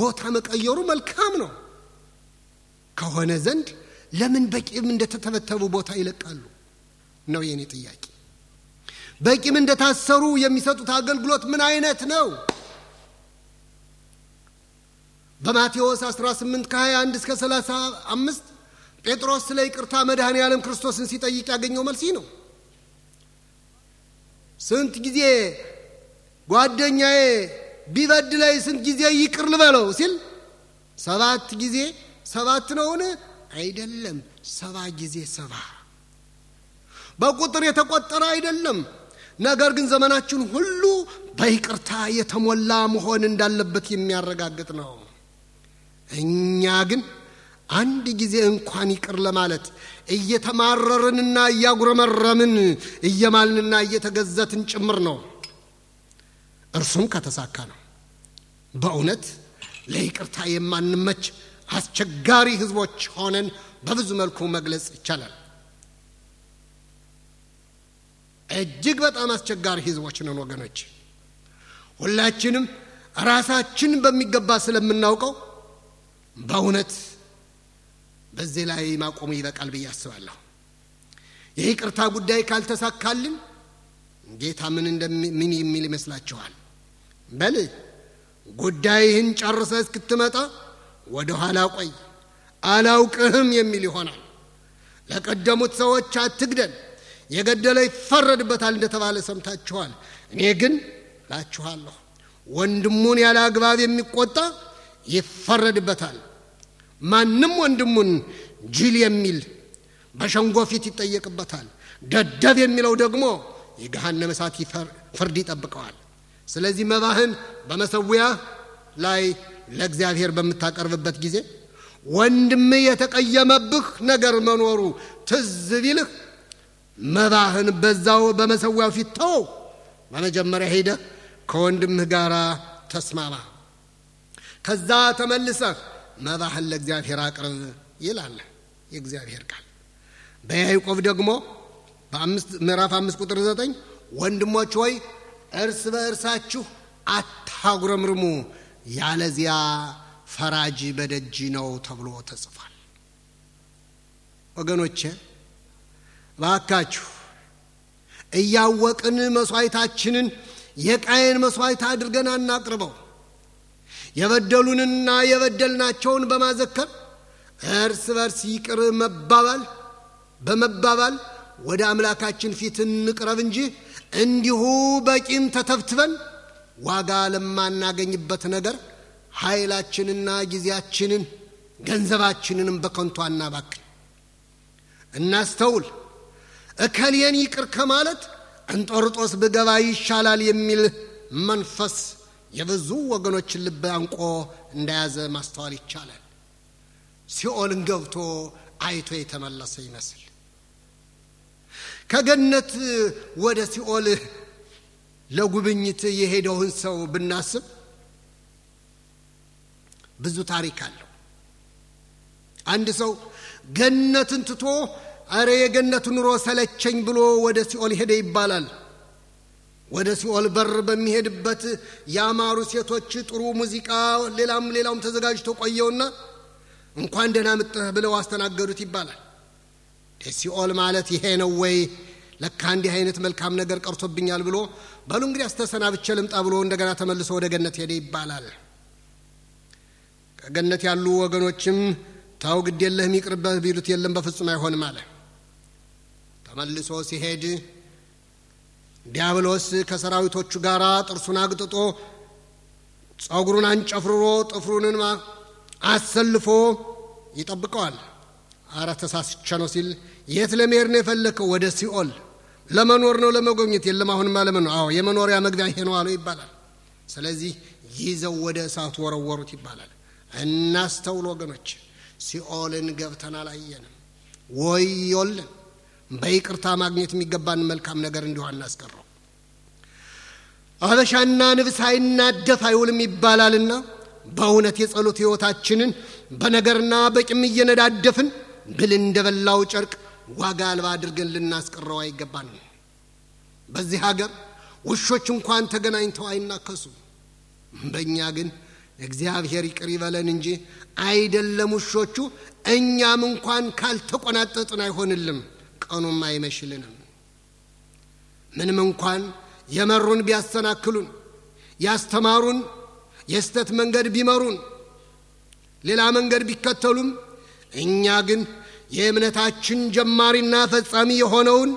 ቦታ መቀየሩ መልካም ነው። ከሆነ ዘንድ ለምን በቂም እንደተተበተቡ ቦታ ይለቃሉ ነው የእኔ ጥያቄ። በቂም እንደታሰሩ የሚሰጡት አገልግሎት ምን አይነት ነው? በማቴዎስ 18 ከ21 እስከ 35 ጴጥሮስ ስለ ይቅርታ መድኃኔ ዓለም ክርስቶስን ሲጠይቅ ያገኘው መልሲ ነው። ስንት ጊዜ ጓደኛዬ ላይ ስንት ጊዜ ይቅር ልበለው ሲል ሰባት ጊዜ ሰባት ነውን? አይደለም፣ ሰባ ጊዜ ሰባ። በቁጥር የተቆጠረ አይደለም። ነገር ግን ዘመናችን ሁሉ በይቅርታ የተሞላ መሆን እንዳለበት የሚያረጋግጥ ነው። እኛ ግን አንድ ጊዜ እንኳን ይቅር ለማለት እየተማረርንና እያጉረመረምን እየማልንና እየተገዘትን ጭምር ነው። እርሱም ከተሳካ ነው። በእውነት ለይቅርታ የማንመች አስቸጋሪ ህዝቦች ሆነን በብዙ መልኩ መግለጽ ይቻላል። እጅግ በጣም አስቸጋሪ ህዝቦች ነን ወገኖች። ሁላችንም ራሳችን በሚገባ ስለምናውቀው በእውነት በዚህ ላይ ማቆሙ ይበቃል ብዬ አስባለሁ። ይህ ቅርታ ጉዳይ ካልተሳካልን ጌታ ምን እንደምን የሚል ይመስላችኋል? በል ጉዳይህን ጨርሰ እስክትመጣ ወደ ኋላ ቆይ፣ አላውቅህም የሚል ይሆናል። ለቀደሙት ሰዎች አትግደል፣ የገደለ ይፈረድበታል እንደተባለ ሰምታችኋል። እኔ ግን ላችኋለሁ ወንድሙን ያለ አግባብ የሚቆጣ ይፈረድበታል። ማንም ወንድሙን ጅል የሚል በሸንጎ ፊት ይጠየቅበታል። ደደብ የሚለው ደግሞ የገሃነመ እሳት ፍርድ ይጠብቀዋል። ስለዚህ መባህን በመሰዊያ ላይ ለእግዚአብሔር በምታቀርብበት ጊዜ ወንድም የተቀየመብህ ነገር መኖሩ ትዝ ቢልህ መባህን በዛው በመሰዊያው ፊት ተው በመጀመሪያ ሄደህ ከወንድምህ ጋር ተስማማ። ከዛ ተመልሰህ መባህል ለእግዚአብሔር አቅርብ ይላል የእግዚአብሔር ቃል። በያዕቆብ ደግሞ ምዕራፍ አምስት ቁጥር ዘጠኝ ወንድሞች ወይ እርስ በእርሳችሁ አታጉረምርሙ፣ ያለዚያ ፈራጅ በደጅ ነው ተብሎ ተጽፏል። ወገኖቼ ባካችሁ እያወቅን መስዋዕታችንን የቃየን መስዋዕት አድርገን አናቅርበው። የበደሉንና የበደልናቸውን በማዘከር እርስ በርስ ይቅር መባባል በመባባል ወደ አምላካችን ፊት እንቅረብ እንጂ እንዲሁ በቂም ተተብትበን ዋጋ ለማናገኝበት ነገር ኃይላችንና ጊዜያችንን ገንዘባችንንም በከንቱ አናባክን። እናስተውል። እከሌን ይቅር ከማለት እንጦርጦስ ብገባ ይሻላል የሚል መንፈስ የብዙ ወገኖችን ልብ አንቆ እንደያዘ ማስተዋል ይቻላል። ሲኦልን ገብቶ አይቶ የተመለሰ ይመስል ከገነት ወደ ሲኦል ለጉብኝት የሄደውን ሰው ብናስብ ብዙ ታሪክ አለው። አንድ ሰው ገነትን ትቶ አረ የገነት ኑሮ ሰለቸኝ ብሎ ወደ ሲኦል ሄደ ይባላል። ወደ ሲኦል በር በሚሄድበት ያማሩ ሴቶች ጥሩ ሙዚቃ፣ ሌላም ሌላውም ተዘጋጅቶ ቆየውና እንኳን ደህና ምጥህ ብለው አስተናገዱት ይባላል። ሲኦል ማለት ይሄ ነው ወይ? ለካ እንዲህ አይነት መልካም ነገር ቀርቶብኛል ብሎ በሉ እንግዲህ አስተሰናብቼ ልምጣ ብሎ እንደገና ተመልሶ ወደ ገነት ሄደ ይባላል። ከገነት ያሉ ወገኖችም ተው ግድ የለህም ይቅርበህ ቢሉት የለም በፍጹም አይሆንም አለ። ተመልሶ ሲሄድ ዲያብሎስ ከሰራዊቶቹ ጋር ጥርሱን አግጥጦ ጸጉሩን አንጨፍርሮ ጥፍሩንን አሰልፎ ይጠብቀዋል። አረ ተሳስቼ ነው ሲል የት ለመሄድ ነው የፈለከው? ወደ ሲኦል ለመኖር ነው ለመጎብኘት የለም አሁንማ ነው አዎ የመኖሪያ መግቢያ ይሄ ነው አለው ይባላል። ስለዚህ ይዘው ወደ እሳቱ ወረወሩት ይባላል። እናስተውል ወገኖች፣ ሲኦልን ገብተናል አየንም ወዮልን። በይቅርታ ማግኘት የሚገባን መልካም ነገር እንዲሁ አናስቀረው። አበሻና ንብስ አይናደፍ አይውልም ይባላልና በእውነት የጸሎት ሕይወታችንን በነገርና በቂም እየነዳደፍን ብል እንደበላው ጨርቅ ዋጋ አልባ አድርገን ልናስቀረው አይገባን በዚህ ሀገር ውሾች እንኳን ተገናኝተው አይናከሱ። በእኛ ግን እግዚአብሔር ይቅር ይበለን እንጂ አይደለም ውሾቹ፣ እኛም እንኳን ካልተቆናጠጥን አይሆንልም። ቀኑም አይመሽልንም። ምንም እንኳን የመሩን ቢያሰናክሉን፣ ያስተማሩን የስተት መንገድ ቢመሩን፣ ሌላ መንገድ ቢከተሉም እኛ ግን የእምነታችን ጀማሪና ፈጻሚ የሆነውን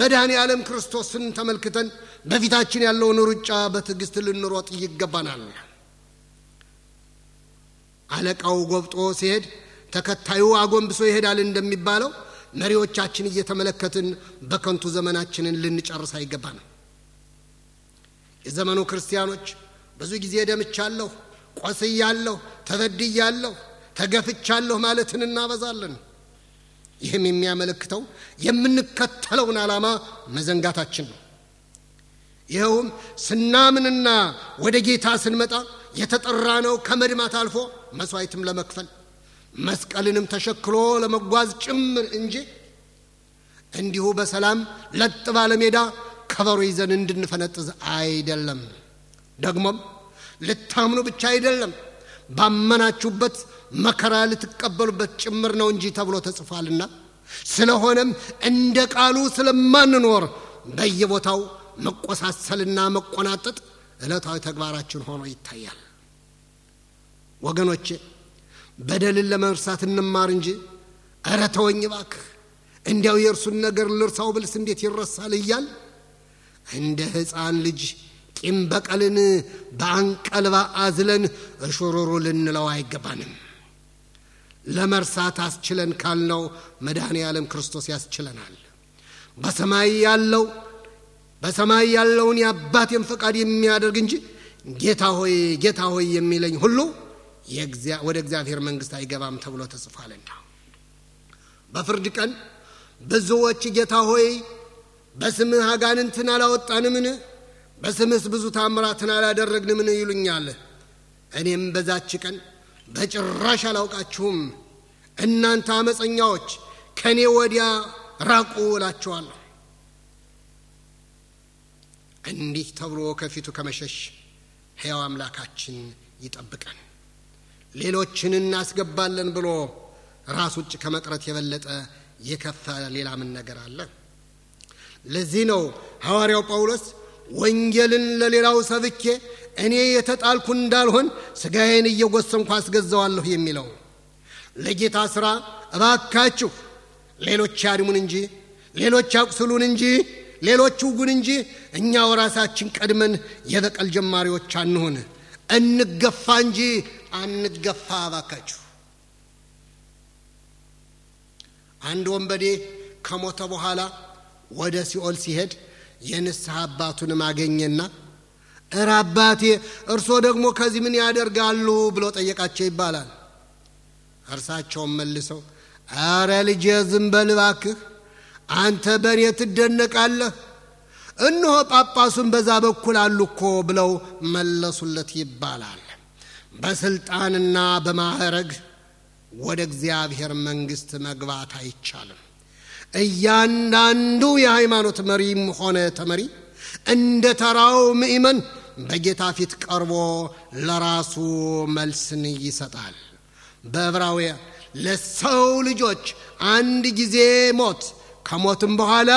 መድኃኒ ዓለም ክርስቶስን ተመልክተን በፊታችን ያለውን ሩጫ በትዕግሥት ልንሮጥ ይገባናል። አለቃው ጎብጦ ሲሄድ ተከታዩ አጎንብሶ ይሄዳል እንደሚባለው መሪዎቻችን እየተመለከትን በከንቱ ዘመናችንን ልንጨርስ አይገባንም። የዘመኑ ክርስቲያኖች ብዙ ጊዜ ደምቻለሁ፣ ቆስያለሁ፣ ተበድያለሁ፣ ተገፍቻለሁ ማለትን እናበዛለን። ይህም የሚያመለክተው የምንከተለውን ዓላማ መዘንጋታችን ነው። ይኸውም ስናምንና ወደ ጌታ ስንመጣ የተጠራ ነው ከመድማት አልፎ መስዋይትም ለመክፈል መስቀልንም ተሸክሎ ለመጓዝ ጭምር እንጂ እንዲሁ በሰላም ለጥ ባለ ሜዳ ከበሮ ይዘን እንድንፈነጥዝ አይደለም። ደግሞም ልታምኑ ብቻ አይደለም ባመናችሁበት መከራ ልትቀበሉበት ጭምር ነው እንጂ ተብሎ ተጽፏልና። ስለሆነም እንደ ቃሉ ስለማንኖር በየቦታው መቆሳሰልና መቆናጠጥ ዕለታዊ ተግባራችን ሆኖ ይታያል ወገኖቼ። በደልን ለመርሳት እንማር እንጂ እረ ተወኝ እባክህ እንዲያው የእርሱን ነገር ልርሳው ብልስ እንዴት ይረሳል እያል እንደ ሕፃን ልጅ ቂም በቀልን በአንቀልባ አዝለን እሹሩሩ ልንለው አይገባንም ለመርሳት አስችለን ካልነው መድኃኔ ዓለም ክርስቶስ ያስችለናል በሰማይ ያለው በሰማይ ያለውን የአባቴን ፈቃድ የሚያደርግ እንጂ ጌታ ሆይ ጌታ ሆይ የሚለኝ ሁሉ ወደ እግዚአብሔር መንግስት አይገባም ተብሎ ተጽፏልና በፍርድ ቀን ብዙዎች ጌታ ሆይ በስምህ አጋንንትን አላወጣንምን በስምህስ ብዙ ታምራትን አላደረግንምን ይሉኛል እኔም በዛች ቀን በጭራሽ አላውቃችሁም እናንተ አመፀኛዎች ከእኔ ወዲያ ራቁ እላችኋለሁ እንዲህ ተብሎ ከፊቱ ከመሸሽ ሕያው አምላካችን ይጠብቀን ሌሎችን እናስገባለን ብሎ ራስ ውጭ ከመቅረት የበለጠ የከፋ ሌላ ምን ነገር አለ? ለዚህ ነው ሐዋርያው ጳውሎስ ወንጌልን ለሌላው ሰብኬ እኔ የተጣልኩ እንዳልሆን ሥጋዬን እየጎሰምኩ አስገዛዋለሁ የሚለው። ለጌታ ሥራ እባካችሁ ሌሎች ያድሙን እንጂ፣ ሌሎች ያቁስሉን እንጂ፣ ሌሎች ውጉን እንጂ እኛው ራሳችን ቀድመን የበቀል ጀማሪዎች አንሆን እንገፋ እንጂ አንትገፋ ባካችሁ። አንድ ወንበዴ ከሞተ በኋላ ወደ ሲኦል ሲሄድ የንስሐ አባቱን አገኘና እረ አባቴ እርሶ ደግሞ ከዚህ ምን ያደርጋሉ ብሎ ጠየቃቸው ይባላል። እርሳቸውም መልሰው አረ ልጄ ዝም በል አንተ በእኔ ትደነቃለህ፣ እነሆ ጳጳሱን በዛ በኩል አሉ እኮ ብለው መለሱለት ይባላል። በስልጣንና በማዕረግ ወደ እግዚአብሔር መንግስት መግባት አይቻልም። እያንዳንዱ የሃይማኖት መሪም ሆነ ተመሪ እንደ ተራው ምእመን በጌታ ፊት ቀርቦ ለራሱ መልስን ይሰጣል። በዕብራውያ ለሰው ልጆች አንድ ጊዜ ሞት ከሞትም በኋላ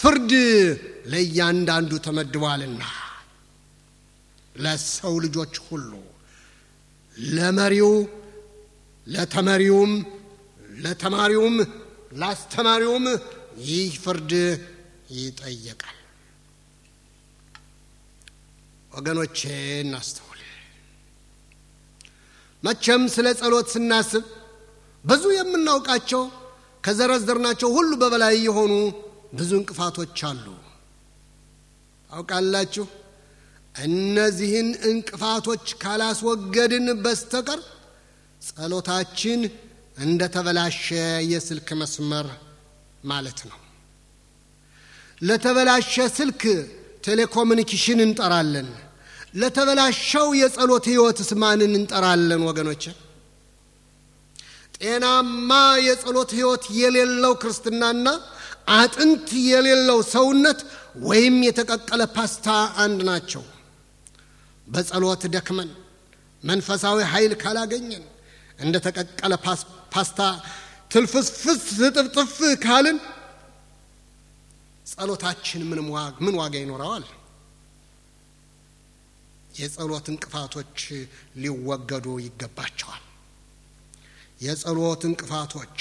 ፍርድ ለእያንዳንዱ ተመድቧልና ለሰው ልጆች ሁሉ ለመሪው ለተመሪውም ለተማሪውም ላስተማሪውም ይህ ፍርድ ይጠየቃል። ወገኖቼ እናስተውል። መቼም ስለ ጸሎት ስናስብ ብዙ የምናውቃቸው ከዘረዘርናቸው ሁሉ በበላይ የሆኑ ብዙ እንቅፋቶች አሉ። ታውቃላችሁ እነዚህን እንቅፋቶች ካላስወገድን በስተቀር ጸሎታችን እንደ ተበላሸ የስልክ መስመር ማለት ነው። ለተበላሸ ስልክ ቴሌኮሙኒኬሽን እንጠራለን። ለተበላሸው የጸሎት ህይወትስ ማንን እንጠራለን? ወገኖች፣ ጤናማ የጸሎት ህይወት የሌለው ክርስትናና አጥንት የሌለው ሰውነት ወይም የተቀቀለ ፓስታ አንድ ናቸው። በጸሎት ደክመን መንፈሳዊ ኃይል ካላገኘን እንደ ተቀቀለ ፓስታ ትልፍስፍስ ጥፍጥፍ ካልን ጸሎታችን ምን ዋጋ ይኖረዋል? የጸሎት እንቅፋቶች ሊወገዱ ይገባቸዋል። የጸሎት እንቅፋቶች፣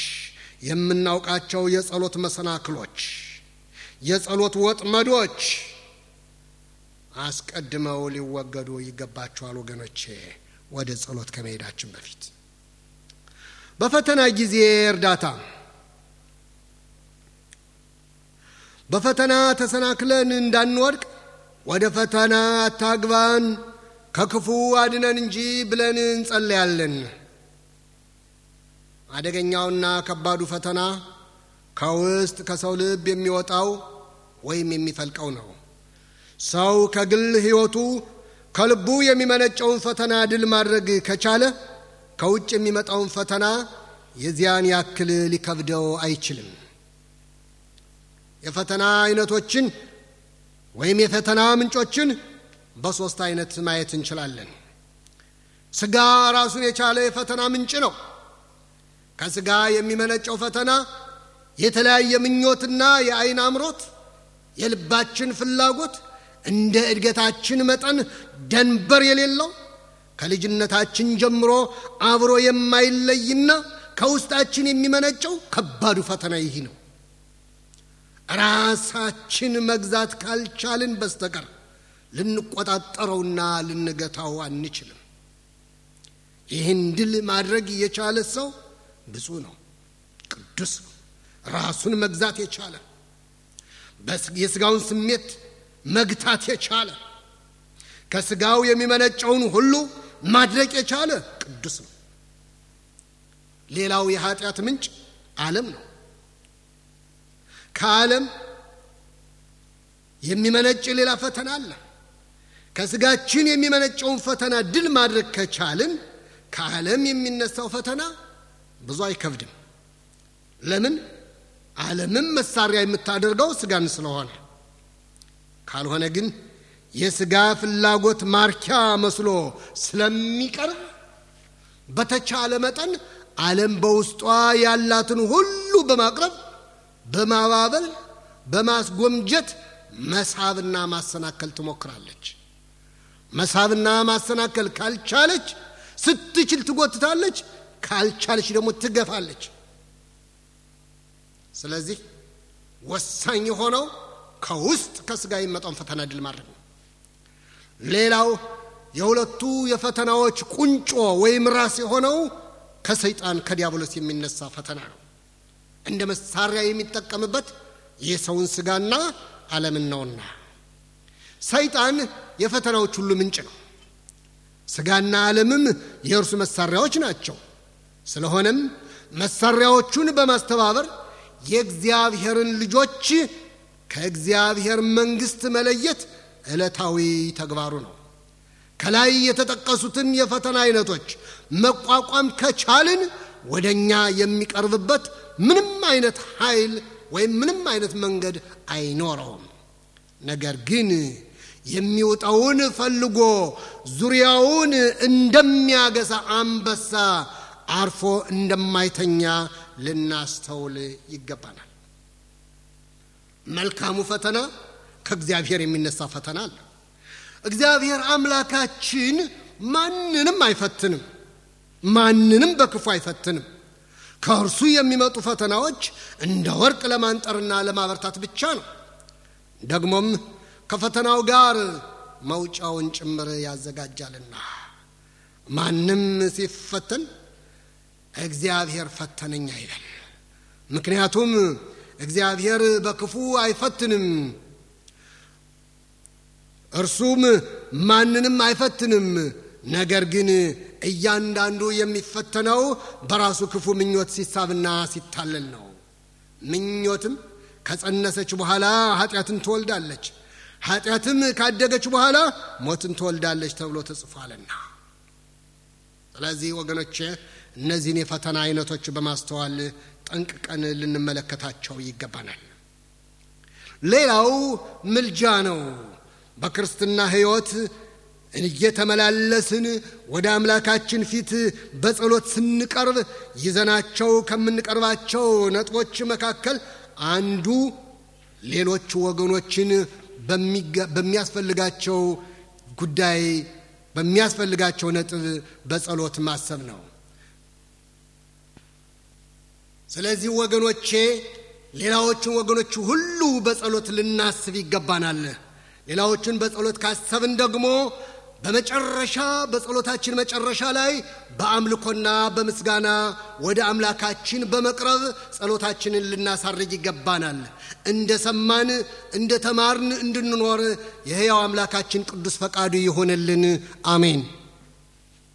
የምናውቃቸው የጸሎት መሰናክሎች፣ የጸሎት ወጥመዶች አስቀድመው ሊወገዱ ይገባቸዋል። ወገኖቼ ወደ ጸሎት ከመሄዳችን በፊት በፈተና ጊዜ እርዳታ በፈተና ተሰናክለን እንዳንወድቅ ወደ ፈተና አታግባን ከክፉ አድነን እንጂ ብለን እንጸለያለን። አደገኛውና ከባዱ ፈተና ከውስጥ ከሰው ልብ የሚወጣው ወይም የሚፈልቀው ነው። ሰው ከግል ሕይወቱ ከልቡ የሚመነጨውን ፈተና ድል ማድረግ ከቻለ ከውጭ የሚመጣውን ፈተና የዚያን ያክል ሊከብደው አይችልም። የፈተና አይነቶችን ወይም የፈተና ምንጮችን በሦስት አይነት ማየት እንችላለን። ሥጋ ራሱን የቻለ የፈተና ምንጭ ነው። ከሥጋ የሚመነጨው ፈተና የተለያየ ምኞትና የአይን አምሮት፣ የልባችን ፍላጎት እንደ እድገታችን መጠን ደንበር የሌለው ከልጅነታችን ጀምሮ አብሮ የማይለይና ከውስጣችን የሚመነጨው ከባዱ ፈተና ይህ ነው። ራሳችን መግዛት ካልቻልን በስተቀር ልንቆጣጠረውና ልንገታው አንችልም። ይህን ድል ማድረግ የቻለ ሰው ብፁ ነው፣ ቅዱስ ነው፣ ራሱን መግዛት የቻለ የስጋውን ስሜት መግታት የቻለ ከስጋው የሚመነጨውን ሁሉ ማድረቅ የቻለ ቅዱስ ነው። ሌላው የኃጢአት ምንጭ ዓለም ነው። ከዓለም የሚመነጭ ሌላ ፈተና አለ። ከስጋችን የሚመነጨውን ፈተና ድል ማድረግ ከቻልን ከዓለም የሚነሳው ፈተና ብዙ አይከብድም። ለምን? ዓለምም መሳሪያ የምታደርገው ስጋን ስለሆነ ካልሆነ ግን የስጋ ፍላጎት ማርኪያ መስሎ ስለሚቀርብ በተቻለ መጠን ዓለም በውስጧ ያላትን ሁሉ በማቅረብ በማባበል በማስጎምጀት መሳብና ማሰናከል ትሞክራለች። መሳብና ማሰናከል ካልቻለች ስትችል ትጎትታለች፣ ካልቻለች ደግሞ ትገፋለች። ስለዚህ ወሳኝ የሆነው ከውስጥ ከስጋ የሚመጣውን ፈተና ድል ማድረግ ነው። ሌላው የሁለቱ የፈተናዎች ቁንጮ ወይም ራስ የሆነው ከሰይጣን ከዲያብሎስ የሚነሳ ፈተና ነው። እንደ መሳሪያ የሚጠቀምበት የሰውን ስጋና ዓለምን ነውና ሰይጣን የፈተናዎች ሁሉ ምንጭ ነው። ስጋና ዓለምም የእርሱ መሳሪያዎች ናቸው። ስለሆነም መሳሪያዎቹን በማስተባበር የእግዚአብሔርን ልጆች ከእግዚአብሔር መንግሥት መለየት ዕለታዊ ተግባሩ ነው። ከላይ የተጠቀሱትን የፈተና አይነቶች መቋቋም ከቻልን ወደ እኛ የሚቀርብበት ምንም አይነት ኃይል ወይም ምንም አይነት መንገድ አይኖረውም። ነገር ግን የሚወጣውን ፈልጎ ዙሪያውን እንደሚያገሳ አንበሳ አርፎ እንደማይተኛ ልናስተውል ይገባናል። መልካሙ ፈተና ከእግዚአብሔር የሚነሳ ፈተና አለ እግዚአብሔር አምላካችን ማንንም አይፈትንም ማንንም በክፉ አይፈትንም ከእርሱ የሚመጡ ፈተናዎች እንደ ወርቅ ለማንጠርና ለማበርታት ብቻ ነው ደግሞም ከፈተናው ጋር መውጫውን ጭምር ያዘጋጃልና ማንም ሲፈተን እግዚአብሔር ፈተነኛ አይበል ምክንያቱም እግዚአብሔር በክፉ አይፈትንም፣ እርሱም ማንንም አይፈትንም። ነገር ግን እያንዳንዱ የሚፈተነው በራሱ ክፉ ምኞት ሲሳብና ሲታለል ነው። ምኞትም ከጸነሰች በኋላ ኃጢአትን ትወልዳለች፣ ኃጢአትም ካደገች በኋላ ሞትን ትወልዳለች ተብሎ ተጽፏልና። ስለዚህ ወገኖቼ እነዚህን የፈተና አይነቶች በማስተዋል ጠንቅቀን ልንመለከታቸው ይገባናል። ሌላው ምልጃ ነው። በክርስትና ሕይወት እየተመላለስን ወደ አምላካችን ፊት በጸሎት ስንቀርብ ይዘናቸው ከምንቀርባቸው ነጥቦች መካከል አንዱ ሌሎች ወገኖችን በሚያስፈልጋቸው ጉዳይ በሚያስፈልጋቸው ነጥብ በጸሎት ማሰብ ነው። ስለዚህ ወገኖቼ ሌላዎቹን ወገኖቹ ሁሉ በጸሎት ልናስብ ይገባናል ሌላዎቹን በጸሎት ካሰብን ደግሞ በመጨረሻ በጸሎታችን መጨረሻ ላይ በአምልኮና በምስጋና ወደ አምላካችን በመቅረብ ጸሎታችንን ልናሳርግ ይገባናል እንደ ሰማን እንደ ተማርን እንድንኖር የሕያው አምላካችን ቅዱስ ፈቃዱ ይሆንልን አሜን